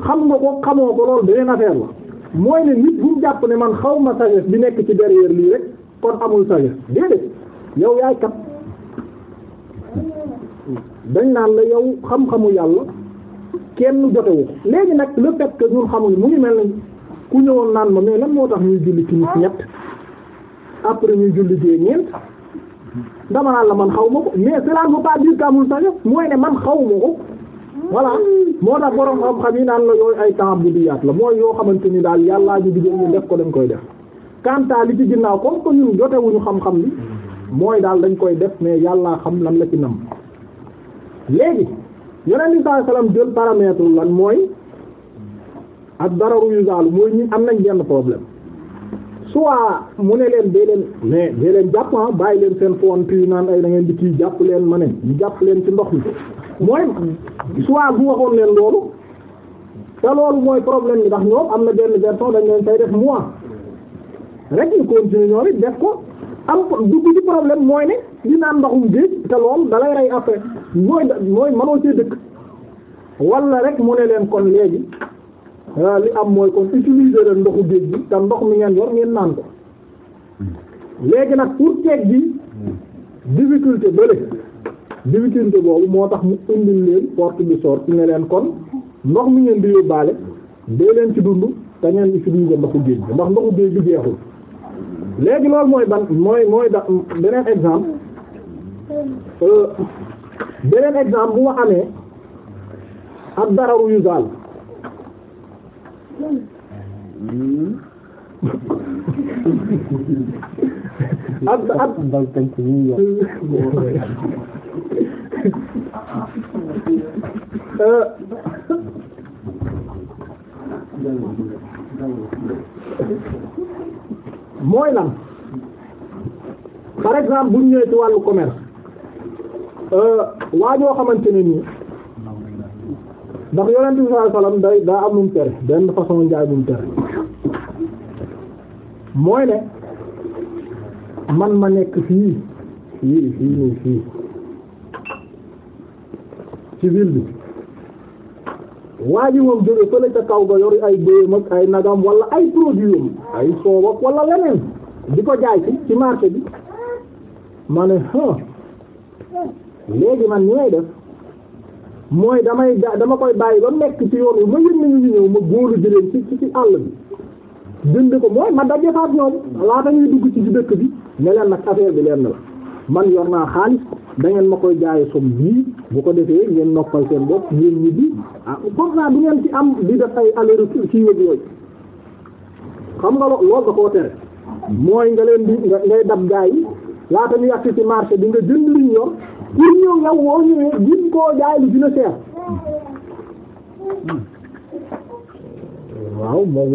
xam nga ko xamoo ko loolu beneen affaire la mooy ne nit bu jàpp ne man xaw ma sagesse bi nekk ci derrière lii rek kon amul sagesse déedéet yow yaay kat. dañ naan la yow xam-xamu yàlla kenn jotewu ko léegi nag le fait que ñun xamuñ mu ngi mel ni ku ñëwoon naan ma mais lan moo tax ñuy julli timis ñett après ñuy julli gée ñeent dama naan la man xaw ma ko mais cela ne veut pas dire que amul sax mooy ne man xaw ma ko voilà moo tax borom xam-xam yi naan la yooyu ay ta'abudiyaat la mooy yoo xamante ni daal yàllaa ji digal ñu def ko dañ koy def quant à li ci ginnaaw comme que ñun jotewuñu xam-xam bi mooy daal dañ koy def mais yàllaa xam lan la ci nam léegi yeneen i saa salaam jël paramètre lan mooy ak dararu yu zaalu mooy ñun am nañ genn problème soit mu ne leen de leen mais dee leen jàpp ah bàyyi leen seen fond yu naan ay da ngeen di kii jàpp leen ma ne ñu jàpp leen ci ndox mi mooy soit bu waxoon leen loolu te loolu mooy problème bi ndax ñoo am na benn version dañ leen say def mois rek ñu continuer ñoom it def ko. am dugg ci problème mooy ne li naan ndoxum géej te lool da lay rey après mooy mooy mënoo cee dëkk wala rek mu ne leen kon léegi ah, li am mooy kon utiliser ndoxu géej bi te ndox mi ngeen yor ngeen naan ko léegi nag pour ceeb bi difficulté bële difficulté boobu moo tax mu indil leen porte bi ne leen kon ndox mi ngeen di yóbbaale dee leen ci dund te ngeen utiliser ndoxu géej bi ndax ndoxu géej bi jeexul. léegi lool mooy ban mooy mooy da beneen exemple euh, bu ma amee ak dararu yu daal mooy lan par exemple bu ñu ñëwee ci wàllu commerce euh, waa joo xamante ne nii ndax yonent bi sallallahu alayhi wasallam day daa am lu mu tere benn façon njaay bu mu tere mooy ne man ma nekk fii fii fii fii ci ville bi. waa ji moom ko fële ca kaw ga yor ay béyam ma ay nagam wala ay produit am ay soow ak wala leneen di ko jaay ci ci marché bi ma ne léegi man ni may def mooy damay ja dama koy bàyyi ba nekk ci yoon wi ma yën nañu ñu ñëw ma góolu jëleen ci ci ci àll bi jënd ko mooy ma daje faat ñoom laata ñuy dugg ci ci dëkk bi melen leen nag affaire bi leen la man yor naa xaalis da ngeen ma koy jaaye som bii bu ko defee ngeen noppal seen bopp ngeen ñi bi ah comme ça du ngeen ci am di def ay ci yëg yooyu xam nga loolu da koo tere mooy nga leen di ngay dab gaa yi laata ñu yàq ci marché bi nga jënd liñ yor pour ñëw yow woo ñëwee koo jaay lu dina seer waaw moom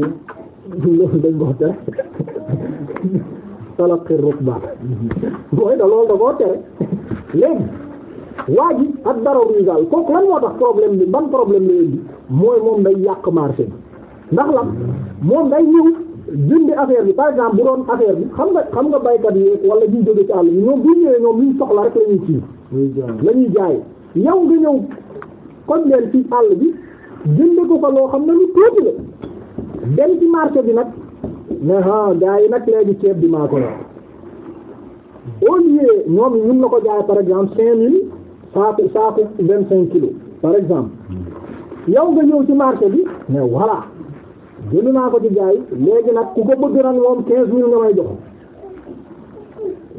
loolu dañ koo tere talaqi rukba mooy da loolu da koo tere léegi waa ji ak daruri daal kooku lan moo tax problème bi ban problème la indi mooy moom day yàq marché bi ndax la moom day ñëw jëndi affaire bi par exemple bu doon affaire bi xam nga xam nga baykat yi wala ñuy jóge ci àll bi ñoom bu ñëwee ñoom liñ soxla rek la ñuy ci la ñuy jaay yow nga ñëw kon leen ci àll bi jënd ko fa loo xam na lu tuuti la dem ci marché bi nag mais ah yi nag léegi ceeb bi maa ko yor au lieu ñoom ñun la ko jaay par exemple cinq mille saaku saaku vingt cinq kilos par exemple yow nga ñëw ci marché bi mais voilà jënd naa ko ci jaay léegi nag ku ko bëgg nag moom quinze mille nga may jox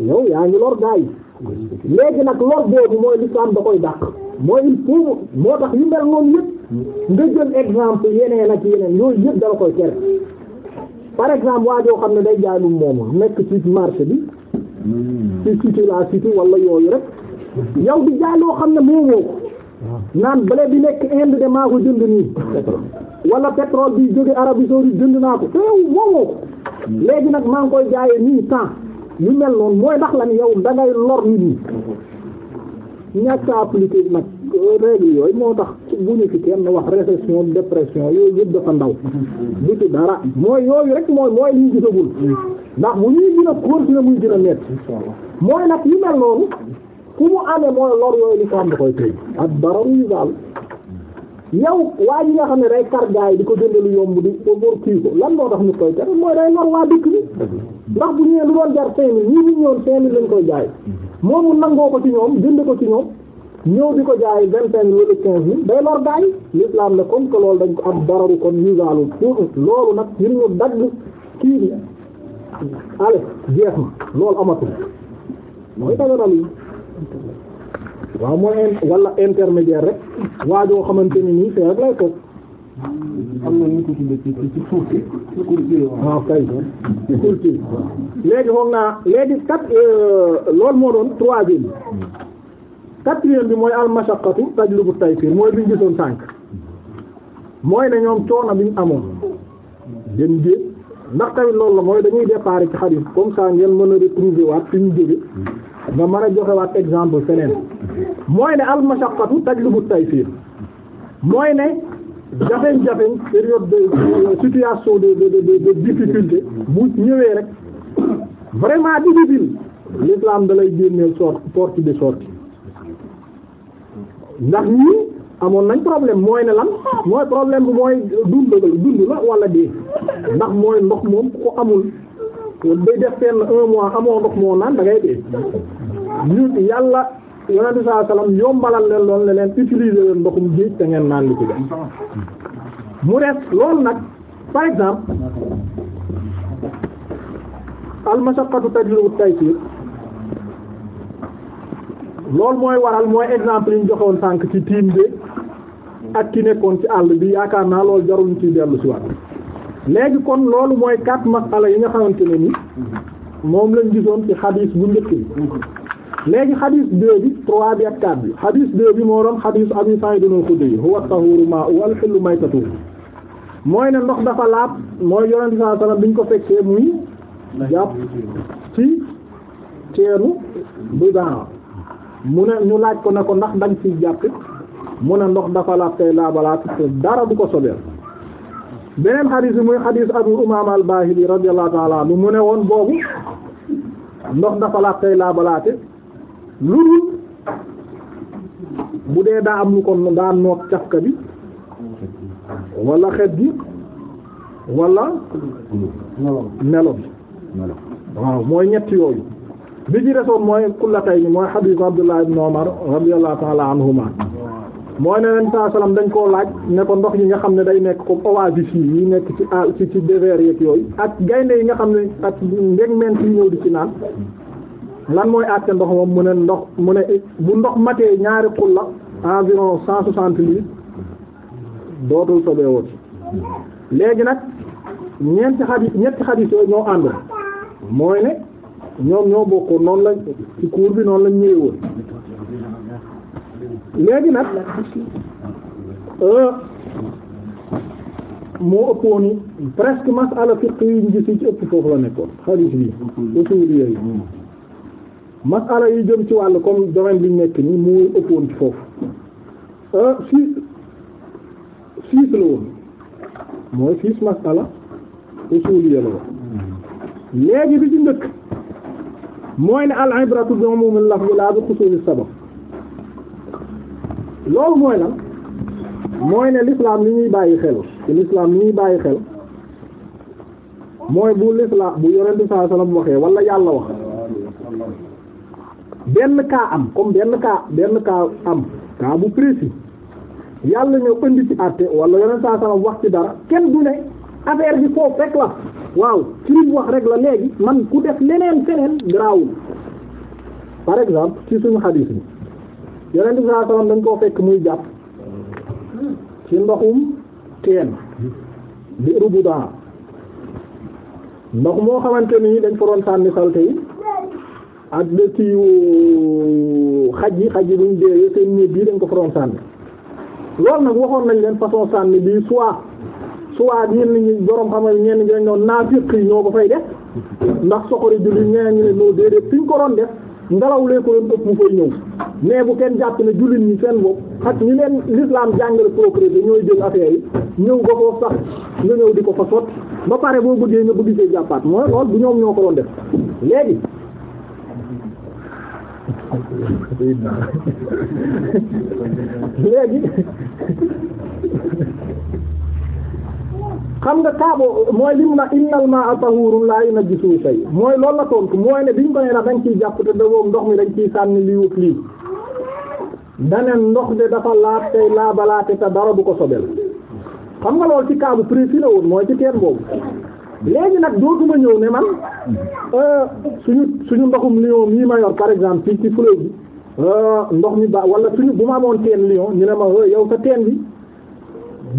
yow yaa ngi lor gaay léegi nag lor boobu mooy l'islam da koy dàq mooy il faut moo tax yu mel noonu yëpp nga jël exemple yeneen ak yeneen yooyu yëpp dala koy tere par exemple waa joo xam ne day jaay lu moomul nekk ci marché bi ci cité la cité wala yooyu rek yow bi jaay loo xam ne moomoo ko naan blé bi nekk Inde de maa ko jënd nii wala pétrole bi jóge Arabie saoudite jënd naa ko te yow moomoo ko léegi nag maa ngi koy jaayee nii temps yu mel noonu mooy ndax lan yow dangay lor nit ñi ñàkk a appliqué nag règle yooyu moo tax bu ñu fi kenn wax récession dépression yooyu yëpp dafa ndaw du ci dara mooy yooyu rek mooy mooy liñ gisagul ndax bu ñuy gën a continuer muy gën a metti mooy nag yu mel noonu fu mu amee mooy lor yooyu lislaam da koy tëj ak dararu yu daal yow waa ji nga xam ne day kar gaay di ko jëndalu yomb di ko bor kii ko lan moo tax ñu koy tere mooy day lor waa dëkk bi ndax bu ñëwee lu doon jar cinq mille ñii ñu ñëwoon cinq mille lañ koy jaay moom mu nangoo ko ci ñoom jënd ko ci ñoom ñëw di ko jaay vingt cinq mille wala quinze mille day lor gaay lislaam ne comme que loolu dañ ko am dararu kon yu daalu pour loolu nag ngir kii bi ale jeex na loolu amatul mooy daganal yi waaw mooy in wala intermédiaire rek waajoo xamante ni nii c'est rek lay toog am na ñu ko tuddee ci ci suuf si ah, léegi foog naa léegi quatre euh, loolu moo doon troisième bi quatrième bi mooy almashaqqatu tajlubu taysir mooy bi ñu gisoon sànq mooy ne ñoom coono bi amoon ndax tey loolu la mooy dañuy départ ci xadiis comme ça ngeen mën a retrouver waat fi ñu jóge nga mën a joxe waat exemple feneen mooy ne al mashaqqatu tajlibu taysir mooy ne jafeñ-jafeñ période de situation de de de de difficulté bu ñëwee rek vraiment difficile l'islam da lay génneel sorte porte de sortie ndax ñii amoon nañ problème mooy ne lan mooy problème bi mooy dund dund la wala dee ndax mooy ndox moom ko amul day def fenn un amoo ndox moo naan dangay dee yàlla yonente saa salaam yombalal leen lool ne leen utiliser leen ndoxum géej te ngeen naan li ci def mu def loolu nag par exemple al-mashaqqatu tajlibu at-taysir loolu mooy waral mooy exemple yi ñu joxewoon sànq ci tiim de ak ki nekkoon ci àll bi yaakaar naa loolu jarul ñu ciy dellu si léegi kon loolu mooy quatre masala yi nga xamante ne ni moom lañ gisoon ci xadiis bu njëkk bi léegi xadiis deux bi trois bi ak quatre bi xadiis deux bi moo doon xadiis Abi Sa'id al-Khudri huwa at-tahuru ma'u wal-hillu maytatuhu mooy ne ndox dafa laab mooy yonent bi sallallahu alayhi wasallam biñ ko fekkee muy jàpp ci ceenu bi baax mu ne ñu laaj ko ne ko ndax dañ ciy jàpp mu ne ndox dafa laab tey laabalaat dara du ko sobeel beneen xadiis bi muy xadiis Abu Umaama al-Baahili radiyallahu ta'ala anhu mu ne woon boobu ndox dafa laab tey laabalaate lu dul bu dee daa am lu ko daa noot cafka bi wala xet gi wala melo bi waaw mooy ñett yooyu bi ci resoon mooy kullatay mooy xadiis Abdullah ibn Umar radiyallahu ta'ala anhuma mooy ne leen saa dañ koo laaj ne ko ndox yi nga xam ne day nekk ko comme oasis yi yi nekk ci àll ci ci désert yeeg yooyu ak gaynde yi nga xam ne ak ndegmeent yi ñëw di ci naan lan mooy àtte ndox moom mu ne ndox mu ne bu ndox matee ñaari xul la environ cent soixante litres dootul sobee woon léegi nag ñeenti xadis ñetti xadis yooyu ñoo ànd mooy ne ñoom ñoo bokkoon noonu la ci cours bi noonu lañ ñëwee léegi nag euh, moo ëppoon ni presque masala fiqh yi ñu gis ci ëpp foofu la nekkoon masala yi jëm ci wàll comme domaine bi nekk nii moo ëppoon ci foofu euh, six six la woon mooy six masala usul yi la léegi bi ci njëkk mooy ne al ibratu bi umumil lafz la bi xusuulis sabab loolu mooy lan mooy ne l'islam li ñuy bàyyi xel te l'islam li ñuy bàyyi xel mooy bu l'islam bu yonent saa salaam waxee wala yàlla wax benn kaa am comme benn kaa benn cas am cas bu précis yàlla ñoo indi ci àtte wala yonent saa salaam wax ci dara kenn du ne affaire bi foofu rek la waaw ci li wax rek la léegi man ku def leneen feneen garaawul par exemple ci suñu xadiis bi yonent bi sallallahu alayhi dañ koo fekk muy jàpp ci ndoxum teen bi rubuda ndox moo xamante ni dañ fa sànni salte yi ak dëkk yu xaj yi xaj yi buñ dee seen ñéeg bii dañ ko fa doon sànni loolu nag waxoon nañ leen façon sànni bii soit soit ñenn ñi borom xamal ñenn ñi ñoo naafiq yi ñoo ko fay def ndax soxori julli ñeneen ñi ne noo déedéet fi ñu ko doon def ngelaw lee ko doon ëpp mu fay ñëw mais bu kenn jàpp ne jullit ñi seen bopp ak ñi leen l'islam jàngale procréer dañooy jël affaire ñëw nga foofu sax nga ñëw di ko fa ba pare boo bëggee nga bëgg see jàppaat mooy lool bu ñoom ñoo ko doon def léegi léegi xam nga kaabo mooy lim na innal ma'a tahurun la yunajjisu shay mooy loolu la tontu mooy ne biñ dañ ciy jàpp te da ndox mi dañ ciy sànni lii wut lii dana ndox de dafa laab tey laabalaate te dara du ko sobel xam nga loolu ci kaabu précis la woon mooy ci teen boobu léegi nag dootuma ñëw ne man euh, suñu suñu ndoxum lion mii ma yor par exemple fii ci bi euh, ndox mi ba wala suñu bu ma amoon teen lion ñu ne ma yow sa teen bi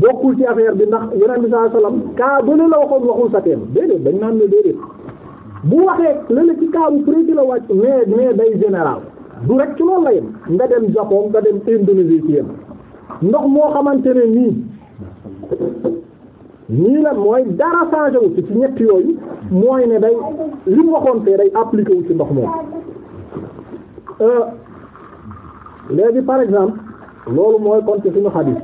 bokkul ci affaire bi ndax yonent bi sallallahu alayhi wasallam kaa ba la waxoon waxul sa teen déedéet dañ naan ne déedéet bu waxee la la ci kaabu précis la wàcc mais day général du rek ci loolu la yem nga dem Japon nga ndox moo xamante ne ni nii la mooy dara changé wu ci ci ñett yooyu mooy ne day li mu waxoon fee day appliqué wu ci ndox moom euh, léegi par exemple loolu mooy kon ci suñu xadiis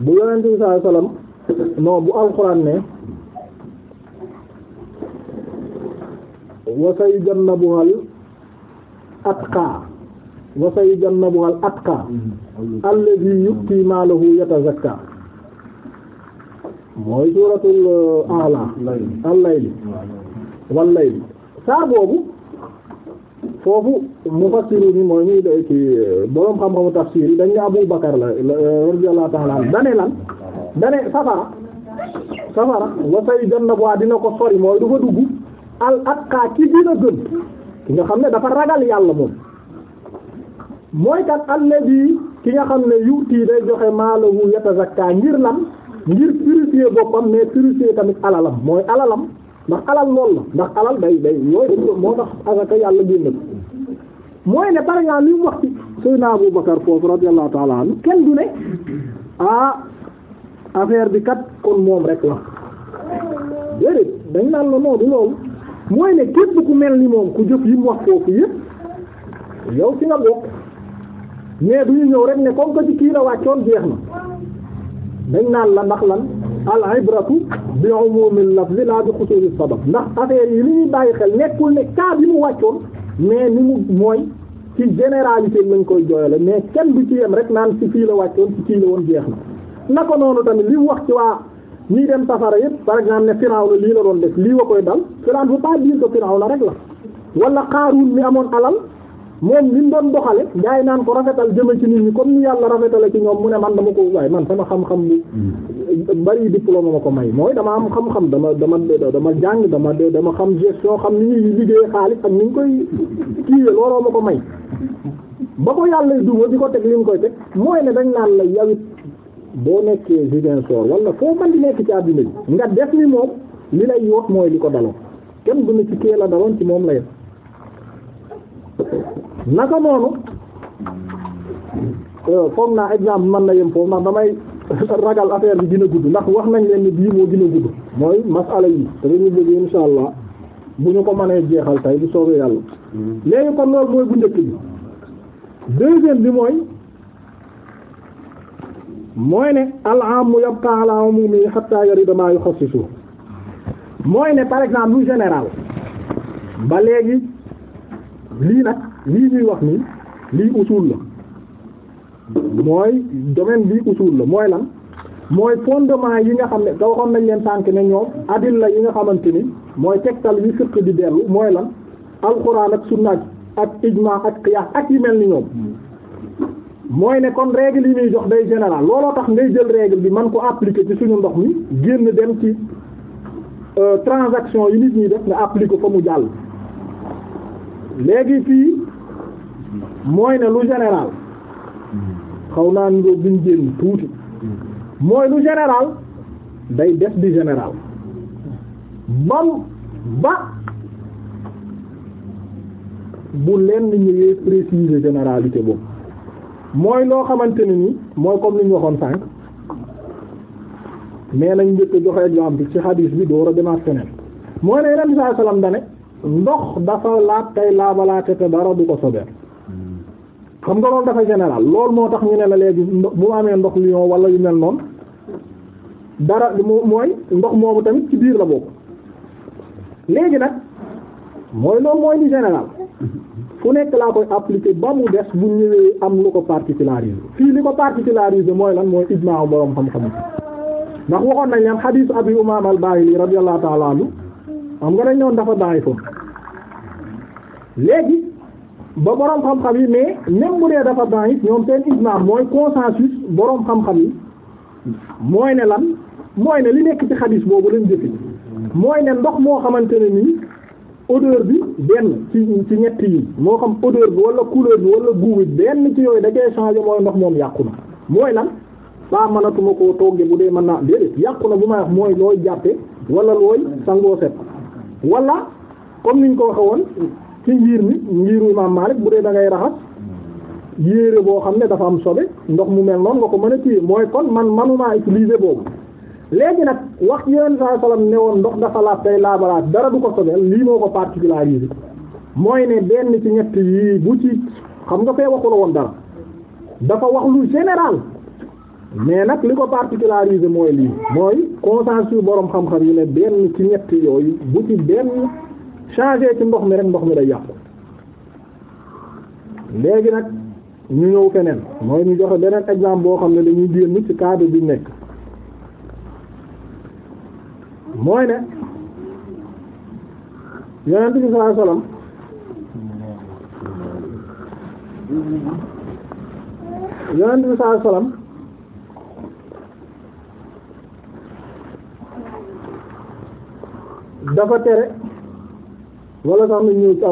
bu yonente bi sallallahu alayhi wasallam non ne wasay jannabuwal atqa wasay jannabuwal atqa mm-hmm. alladhi yuqti maalahu yatazakka mooy suuratul uh, ala al-layl wal-layl saar boobu foofu mufassiru ni mooy ñuy day ci uh, boroom xam-xamu tafsir dañ Abu Bakar la uh, radiyallahu ta'ala an dane lan dane safara safara wasay jannabuwaa dina ko sori mooy du fa dugg al atqa ci dina gën ki nga xam ne dafa ragal yàlla moom mooy kat alladi ki nga xam ne yuutii day joxe maalahu yatazakka ngir lan ngir purifier boppam mais purifier tamit alalam mooy alalam ndax alal lool la ndax alal day day yooyu moo tax asaka yàlla génn ko mooy ne par exemple li wax ci Seydina Abu Bakar foofu radiyallahu ta'ala anhu kenn du ne ah affaire bi kat kon moom rek la dañ naan la noonu loolu mooy ne képp ku mel ni moom ku jëf yi mu wax foofu yëpp yow ci nga bokk mais du ñu ñëw rek ne comme que ci kii la wàccoon jeex na dañ naan la ndax lan al ibratu bi umumil lafzi la bi xusuusi sabab ndax affaire yi li ñuy bàyyi xel nekkul ne cas bi mu wàccoon mais ni mu mooy ci généralité lañ koy jooyale mais kenn du ci yem rek naan ci fii la wàccoon ci kii la woon jeex na naka noonu tamit li mu wax ci waa. ñii dem safara yëpp par exemple ne firaw la lii la doon def lii wa koy dal cela ne veut pas dire que la rek la wala xaaruun mi amoon alal moom li mu doon doxale gars yi naan ko rafetal jëme ci nit ñi comme ni yàlla rafetale ci ñoom mu ne man dama ko waaye man sama xam-xam bi hmm. bari diplôme ma ko may mooy dama am xam-xam dama dama dama jàng dama dama xam gestion xam ni ñu liggéey xaalis ak ni ñu koy kiiwe looloo ma ko may ba ko yàlla duma di ko teg li mu koy mooy ne dañ naan la boo nekkee Ziguinchor wala foo man di nekk ci àdduna bi nga def ni moom li lay yoot mooy li ko daloon kenn duna ci kee la daloon ci moom la yem naka noonu euh, foog naa exemple man na yem foofu ndax damay ragal affaire bi dina a gudd ndax wax nañ leen ni bii moo gën a gudd mooy masala yi te dañu bëgg insha allah bu ñu ko mënee jeexal tey bu soobee yàlla mm-hmm. léegi kon loolu mooy bu bi deuxième bi mooy mooy ne alaamu yabqa ala umumi hatta yarida ma yukhassisu mooy ne par exemple lu général ba léegi lii nag lii ñuy wax ni lii usul la mooy domaine bii usul la mooy lan mooy fondement yi nga xam ne da waxoon nañ leen sànk ne ñoom adilla yi nga xamante ni mooy tegtal yi fiqh di dellu mooy lan alxuraan ak sunna ak ijma ak qiyaas ak yi mel ni ñoom mooy ne kon règle yi ñuy jox day général looloo tax ngay jël règle bi man ko appliquer ci suñu ndox mi génn dem ci euh, transaction yi nit ñi def nga appliquer fa mu jàll léegi fii mooy ne lu général xaw naa niroo buñ génn tuuti mooy lu général day def di général bam ba bu lenn ñëwee préciser généralité boobu mooy noo xamante ne ni mooy comme li ñu waxoon sànq mais nañ njëkk a joxe exemple bi ci bi door a demaat feneen mooy ne ren saa salaam da ne ndox dafa laat tey laabalaate te dara du ko sobeel xam nga loolu dafa général loolu moo tax ñu ne la léegi bu ma amee ndox lion wala yu mel noonu dara mooy ndox moomu tamit ci biir la bokk léegi nag moo loolu mooy li général. fu nekk laa koy appliquer ba mu des bu ñëwee am lu ko particularisé fii li ko particularisé mooy lan mooy ijmaa boroom xam-xam ndax waxoon nañ leen xadiis Abi Umaama al-Baahili radiyallahu ta'ala anhu xam nga dañ dafa bàyyi foofu léegi ba boroom xam-xam yi mais même bu dee dafa bàyyi ñoom seen ijmaa mooy consensus boroom xam-xam yi mooy ne lan mooy ne li nekk ci xadiis boobu lañ jëfe mooy ne ndox moo xamante ne odeur bi benn ci ci ñett yi moo xam odeur bi wala couleur bi wala goût benn ci yooyu da koy changer mooy ndox moom yàqu na mooy lan saa manatuma ko toggee bu dee mën naa déedéet yàqu na bu may wax mooy looy jàppe wala looy sangoo set walla comme niñ ko waxe woon ci ngir mi ngiru Imam Malik bu dee da ngay raxas yéere boo xam ne dafa am sobe ndox mu mel noonu nga ko mën a téye mooy kon man manumaa utiliser boobu léegi nag wax yeneen saa ne woon ndox dafa laab tey laabalaat dara du ko sobeel lii moo ko particularisé mooy ne benn ci ñett yii bu ci xam nga fee waxula woon dara dafa wax lu général mais nag li ko particularisé mooy lii mooy consensus borom xam-xam yi ne benn ci ñett yooyu bu ci benn changé ci ndox mi rek ndox mi day yàqu léegi nag ñu ñëw feneen mooy ñu joxe beneen exemple boo xam ne dañuy génn ci cadre bi nekk. mooy ne yonent bi sallallahu alayhi wasallam yonent bi sallallahu dafa tere wala sax nu ñëw ci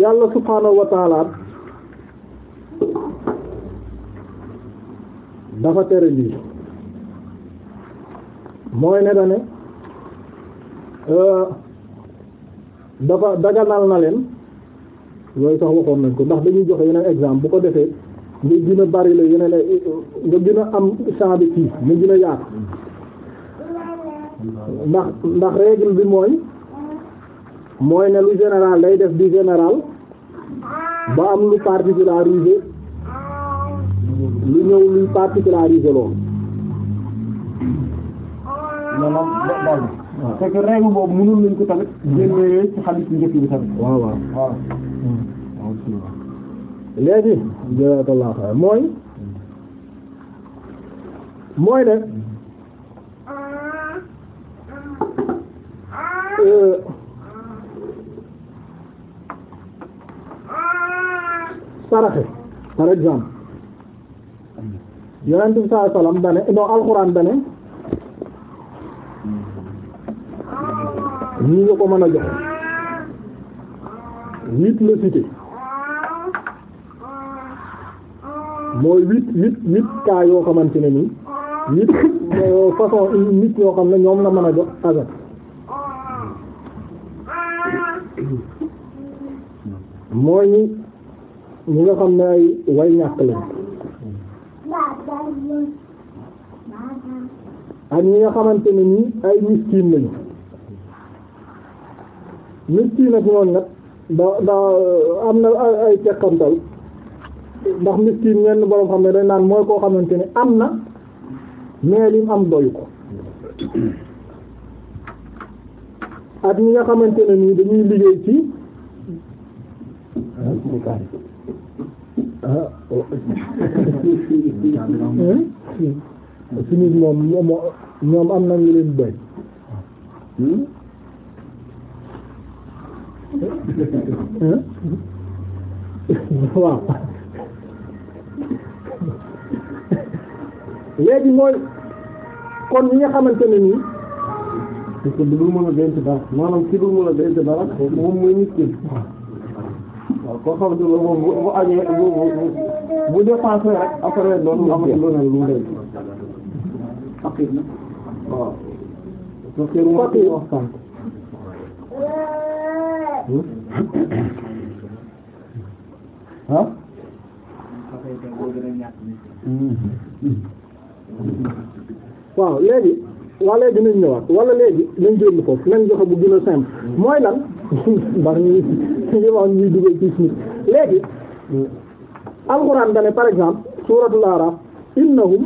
yàlla subhaanahu wa dafa tere lii mooy ne dane euh, dafa daganal na leen yooyu sax waxoon nañ ko ndax dañuy joxe yeneen exemple bu ko defee nga gën a bari la yeneen nga gën a am champ de kii nga gën a ndax ndax règle bi mooy mooy ne lu général day def du général ba am lu particularisé lu ñëw luy particularisé loolu maanaam daal bi c'est que règle boobu mënul nañ mooy mooy ne euh, saraxe par exemple yonent bi sallallahu alayhi wasallam dane non alxuraan ñi nga ko mën a jox huit la cité mooy huit huit huit cas yoo xamante ne nii huit euh, façon nit yoo xam ne ñoom la mën a jox azak mooy ñi ñi nga xam ne ay way ñàkk lañ ak ñi nga xamante ne nii ay miskin lañu miskiin nag moom nag daa daa am na ay ay teqantal ndax miskiin ñenn borom xam ne dañ naan mooy koo xamante ne am na mais lim am doyu ko at ñi nga xamante ne nii dañuy liggéey ci suñu hmm? hmm? moom ñoom am na ñu leen doy hmm? waaw léegi mooy kon ñi nga xamante ne nii parce que du dul mën a denc dara maanaam ki dul mën a denc dara moom mooy nit ki waaw koo xamante ne moom bu bu añee bu bu dépensé rek après doon amati ah. waaw léegi wala dinañ ñëwaat wala léegi nañ génn foofu nañ joxe bu gën a simple mooy lan ndax ñuy ñuy wax ñuy dugal ci suñu léegi alxuraan da ne par exemple suuratul innahum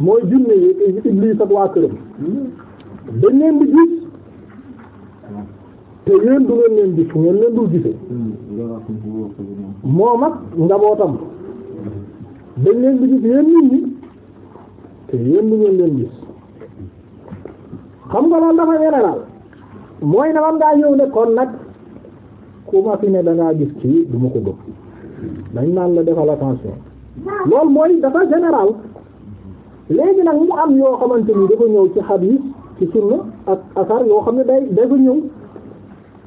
mooy junne yi iblis ak waa këram dañ leen di gis te yéen du ngeen leen gis ngeen leen dul gisee moom ak leen di gis yéen nit ñi te yéen du ngeen leen gis xam nga loolu dafa général mooy na man daa ñëw ne kon nag ku ma fi ne da gis kii du ma ko gëm dañ naan la defal attention loolu mooy dafa général léegi nag mu am yoo xamante ni dafa ñëw ci xadiis ci sunna ak asar yoo xam ne day ko ñëw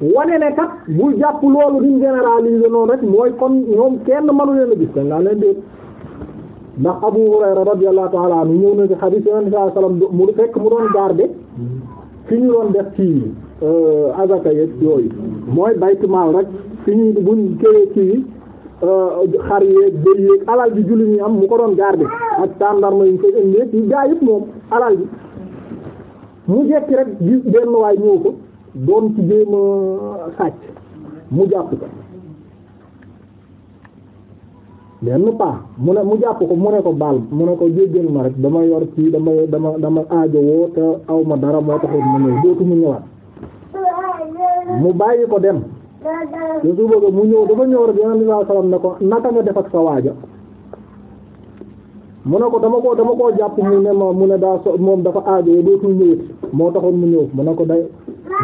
wane ne kat bu jàpp loolu di généraliser noonu rek mooy kon ñoom kenn manu leen a gis da ngaa leen déet ndax Abu Hurayra radiyallahu ta'ala anhu ñëw na ci xadiis Yonent mu fekk mu fi ñu doon def ci euh, azaka yeeg yooyu mooy baytu maal rek fi ñuy buñ këyee ci euh, xar yeeg béy yeeg alal ji julli ñi am mu ko doon garder ak tàndarma yi ñu koy ëndee gaa yëpp moom alal ji mu jekki rek benn waay ñëw ko. doon ci jéem a sàcc mu jàpp ko benn paa mu mu jàpp ko mu ne ko baal mu ne ko jéggal ma rek dama yor ci dama dama dama aajo woo te aw ma dara moo taxoon mu ñëw dootu mu ñëwaat mu bàyyi ko dem te su bëgg mu ñëw dafa ñëw rek yonent na sallallahu alayhi wasallam ne ko naka nga def ak sa waaja mu ne ko dama ko dama koo jàpp mu ne ma mu ne so moom dafa aajo woo dootul ñëwati moo mu ñëw mu ne ko da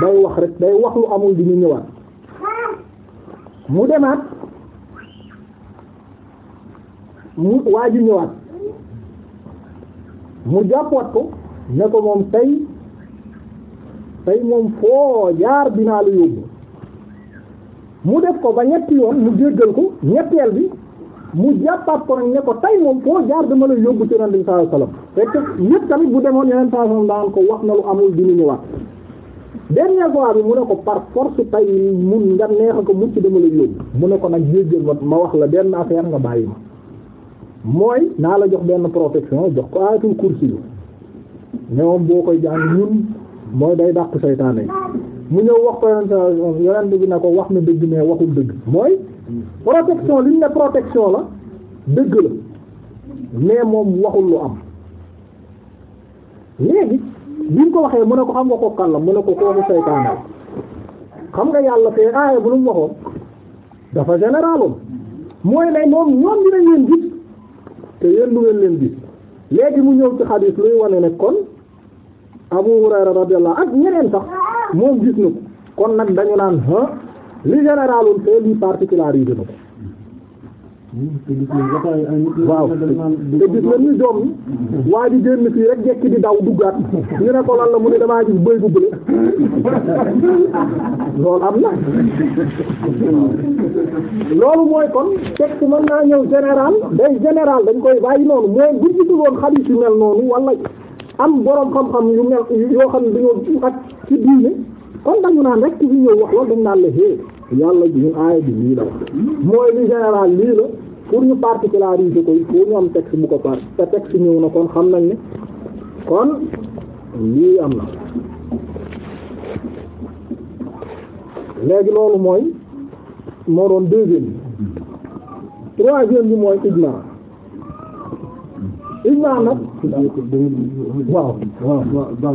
day wax rek day wax lu amul di ñu ñëwaat mu demaat mu waa ji ñëwaat mu jàppoot ko ne ko moom tey tey moom foo jaar naa la yóbbu mu def ko ba ñetti yoon mu jéggal ko ñetteel bi mu jàppaat ko nag ne ko tey moom foo jaar dama la yóbbu ci yonent bi sallallahu alayhi wasallam fekk bu demoon yeneen sallallahu alayhi daan ko wax na lu amul di ñu ñëwaat dernière fois bi mu ne ko par force tay mun nga neexa mu ci dama la yóbbu mu ne ko nag jéggal ma ma wax la denn affaire nga bàyyi ma mooy naa la jox benn protection jox ko aayatul kursi yu ñoom boo koy jàng ñun mooy day dàq seytaane yi mu ñëw wax ko yonent yonent bi na ko wax na dëgg mais waxul dëgg mooy protection li ñu ne protection la dëgg la mais moom waxul lu am léegi bi ñu ko waxee mu ne ko xam nga ko kan mun mu ne ko kooku seytaane xam nga yàlla fee aaya bu nu mu dafa généraloon mooy ne moom ñoom dinañ leen gis te yéen du ngeen leen gis léegi mu ñëw ci xadiis luy wane ne kon Abu Hurayra radiyallahu ak ñeneen sax moom gis na ko kon nag dañu naan li généraloon fee lii yi na ko waaw te gis nga ni waa ji génn fii rek jekki di daw duggaat ñu ne ko lan la mu ne damaa gis bëy bu bële loolu am na loolu mooy kon texte mën naa ñëw général day général dañ koy bàyyi noonu mooy bu ñu duggoon xadiis mel noonu wala am boroom xam-xam yu mel yoo xam ne dañoo ak ci diine kon dañu naan rek ci ñëw wax loolu dañ naan la hé yàlla ñun aaya bi la mooy li général lii la pour ñu particulariser ko il faut ñu am texte bu ko par te texte ñëw na kon xam nañ ne kon lii am na léegi loolu mooy moo doon deuxième bi troisième bi mooy ijma ijma nag waaw waaw waaw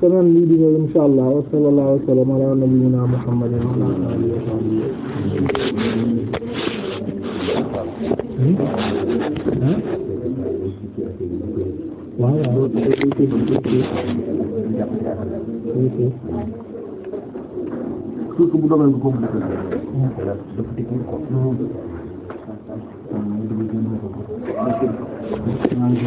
semaine lii di ñëw insha allah wa sallallahu wa sallam ala nabiyyina muhammadin wa ala alihi wa sahbihi surtout bu domaine bi compliqué la. dafa technique quoi. maa ngi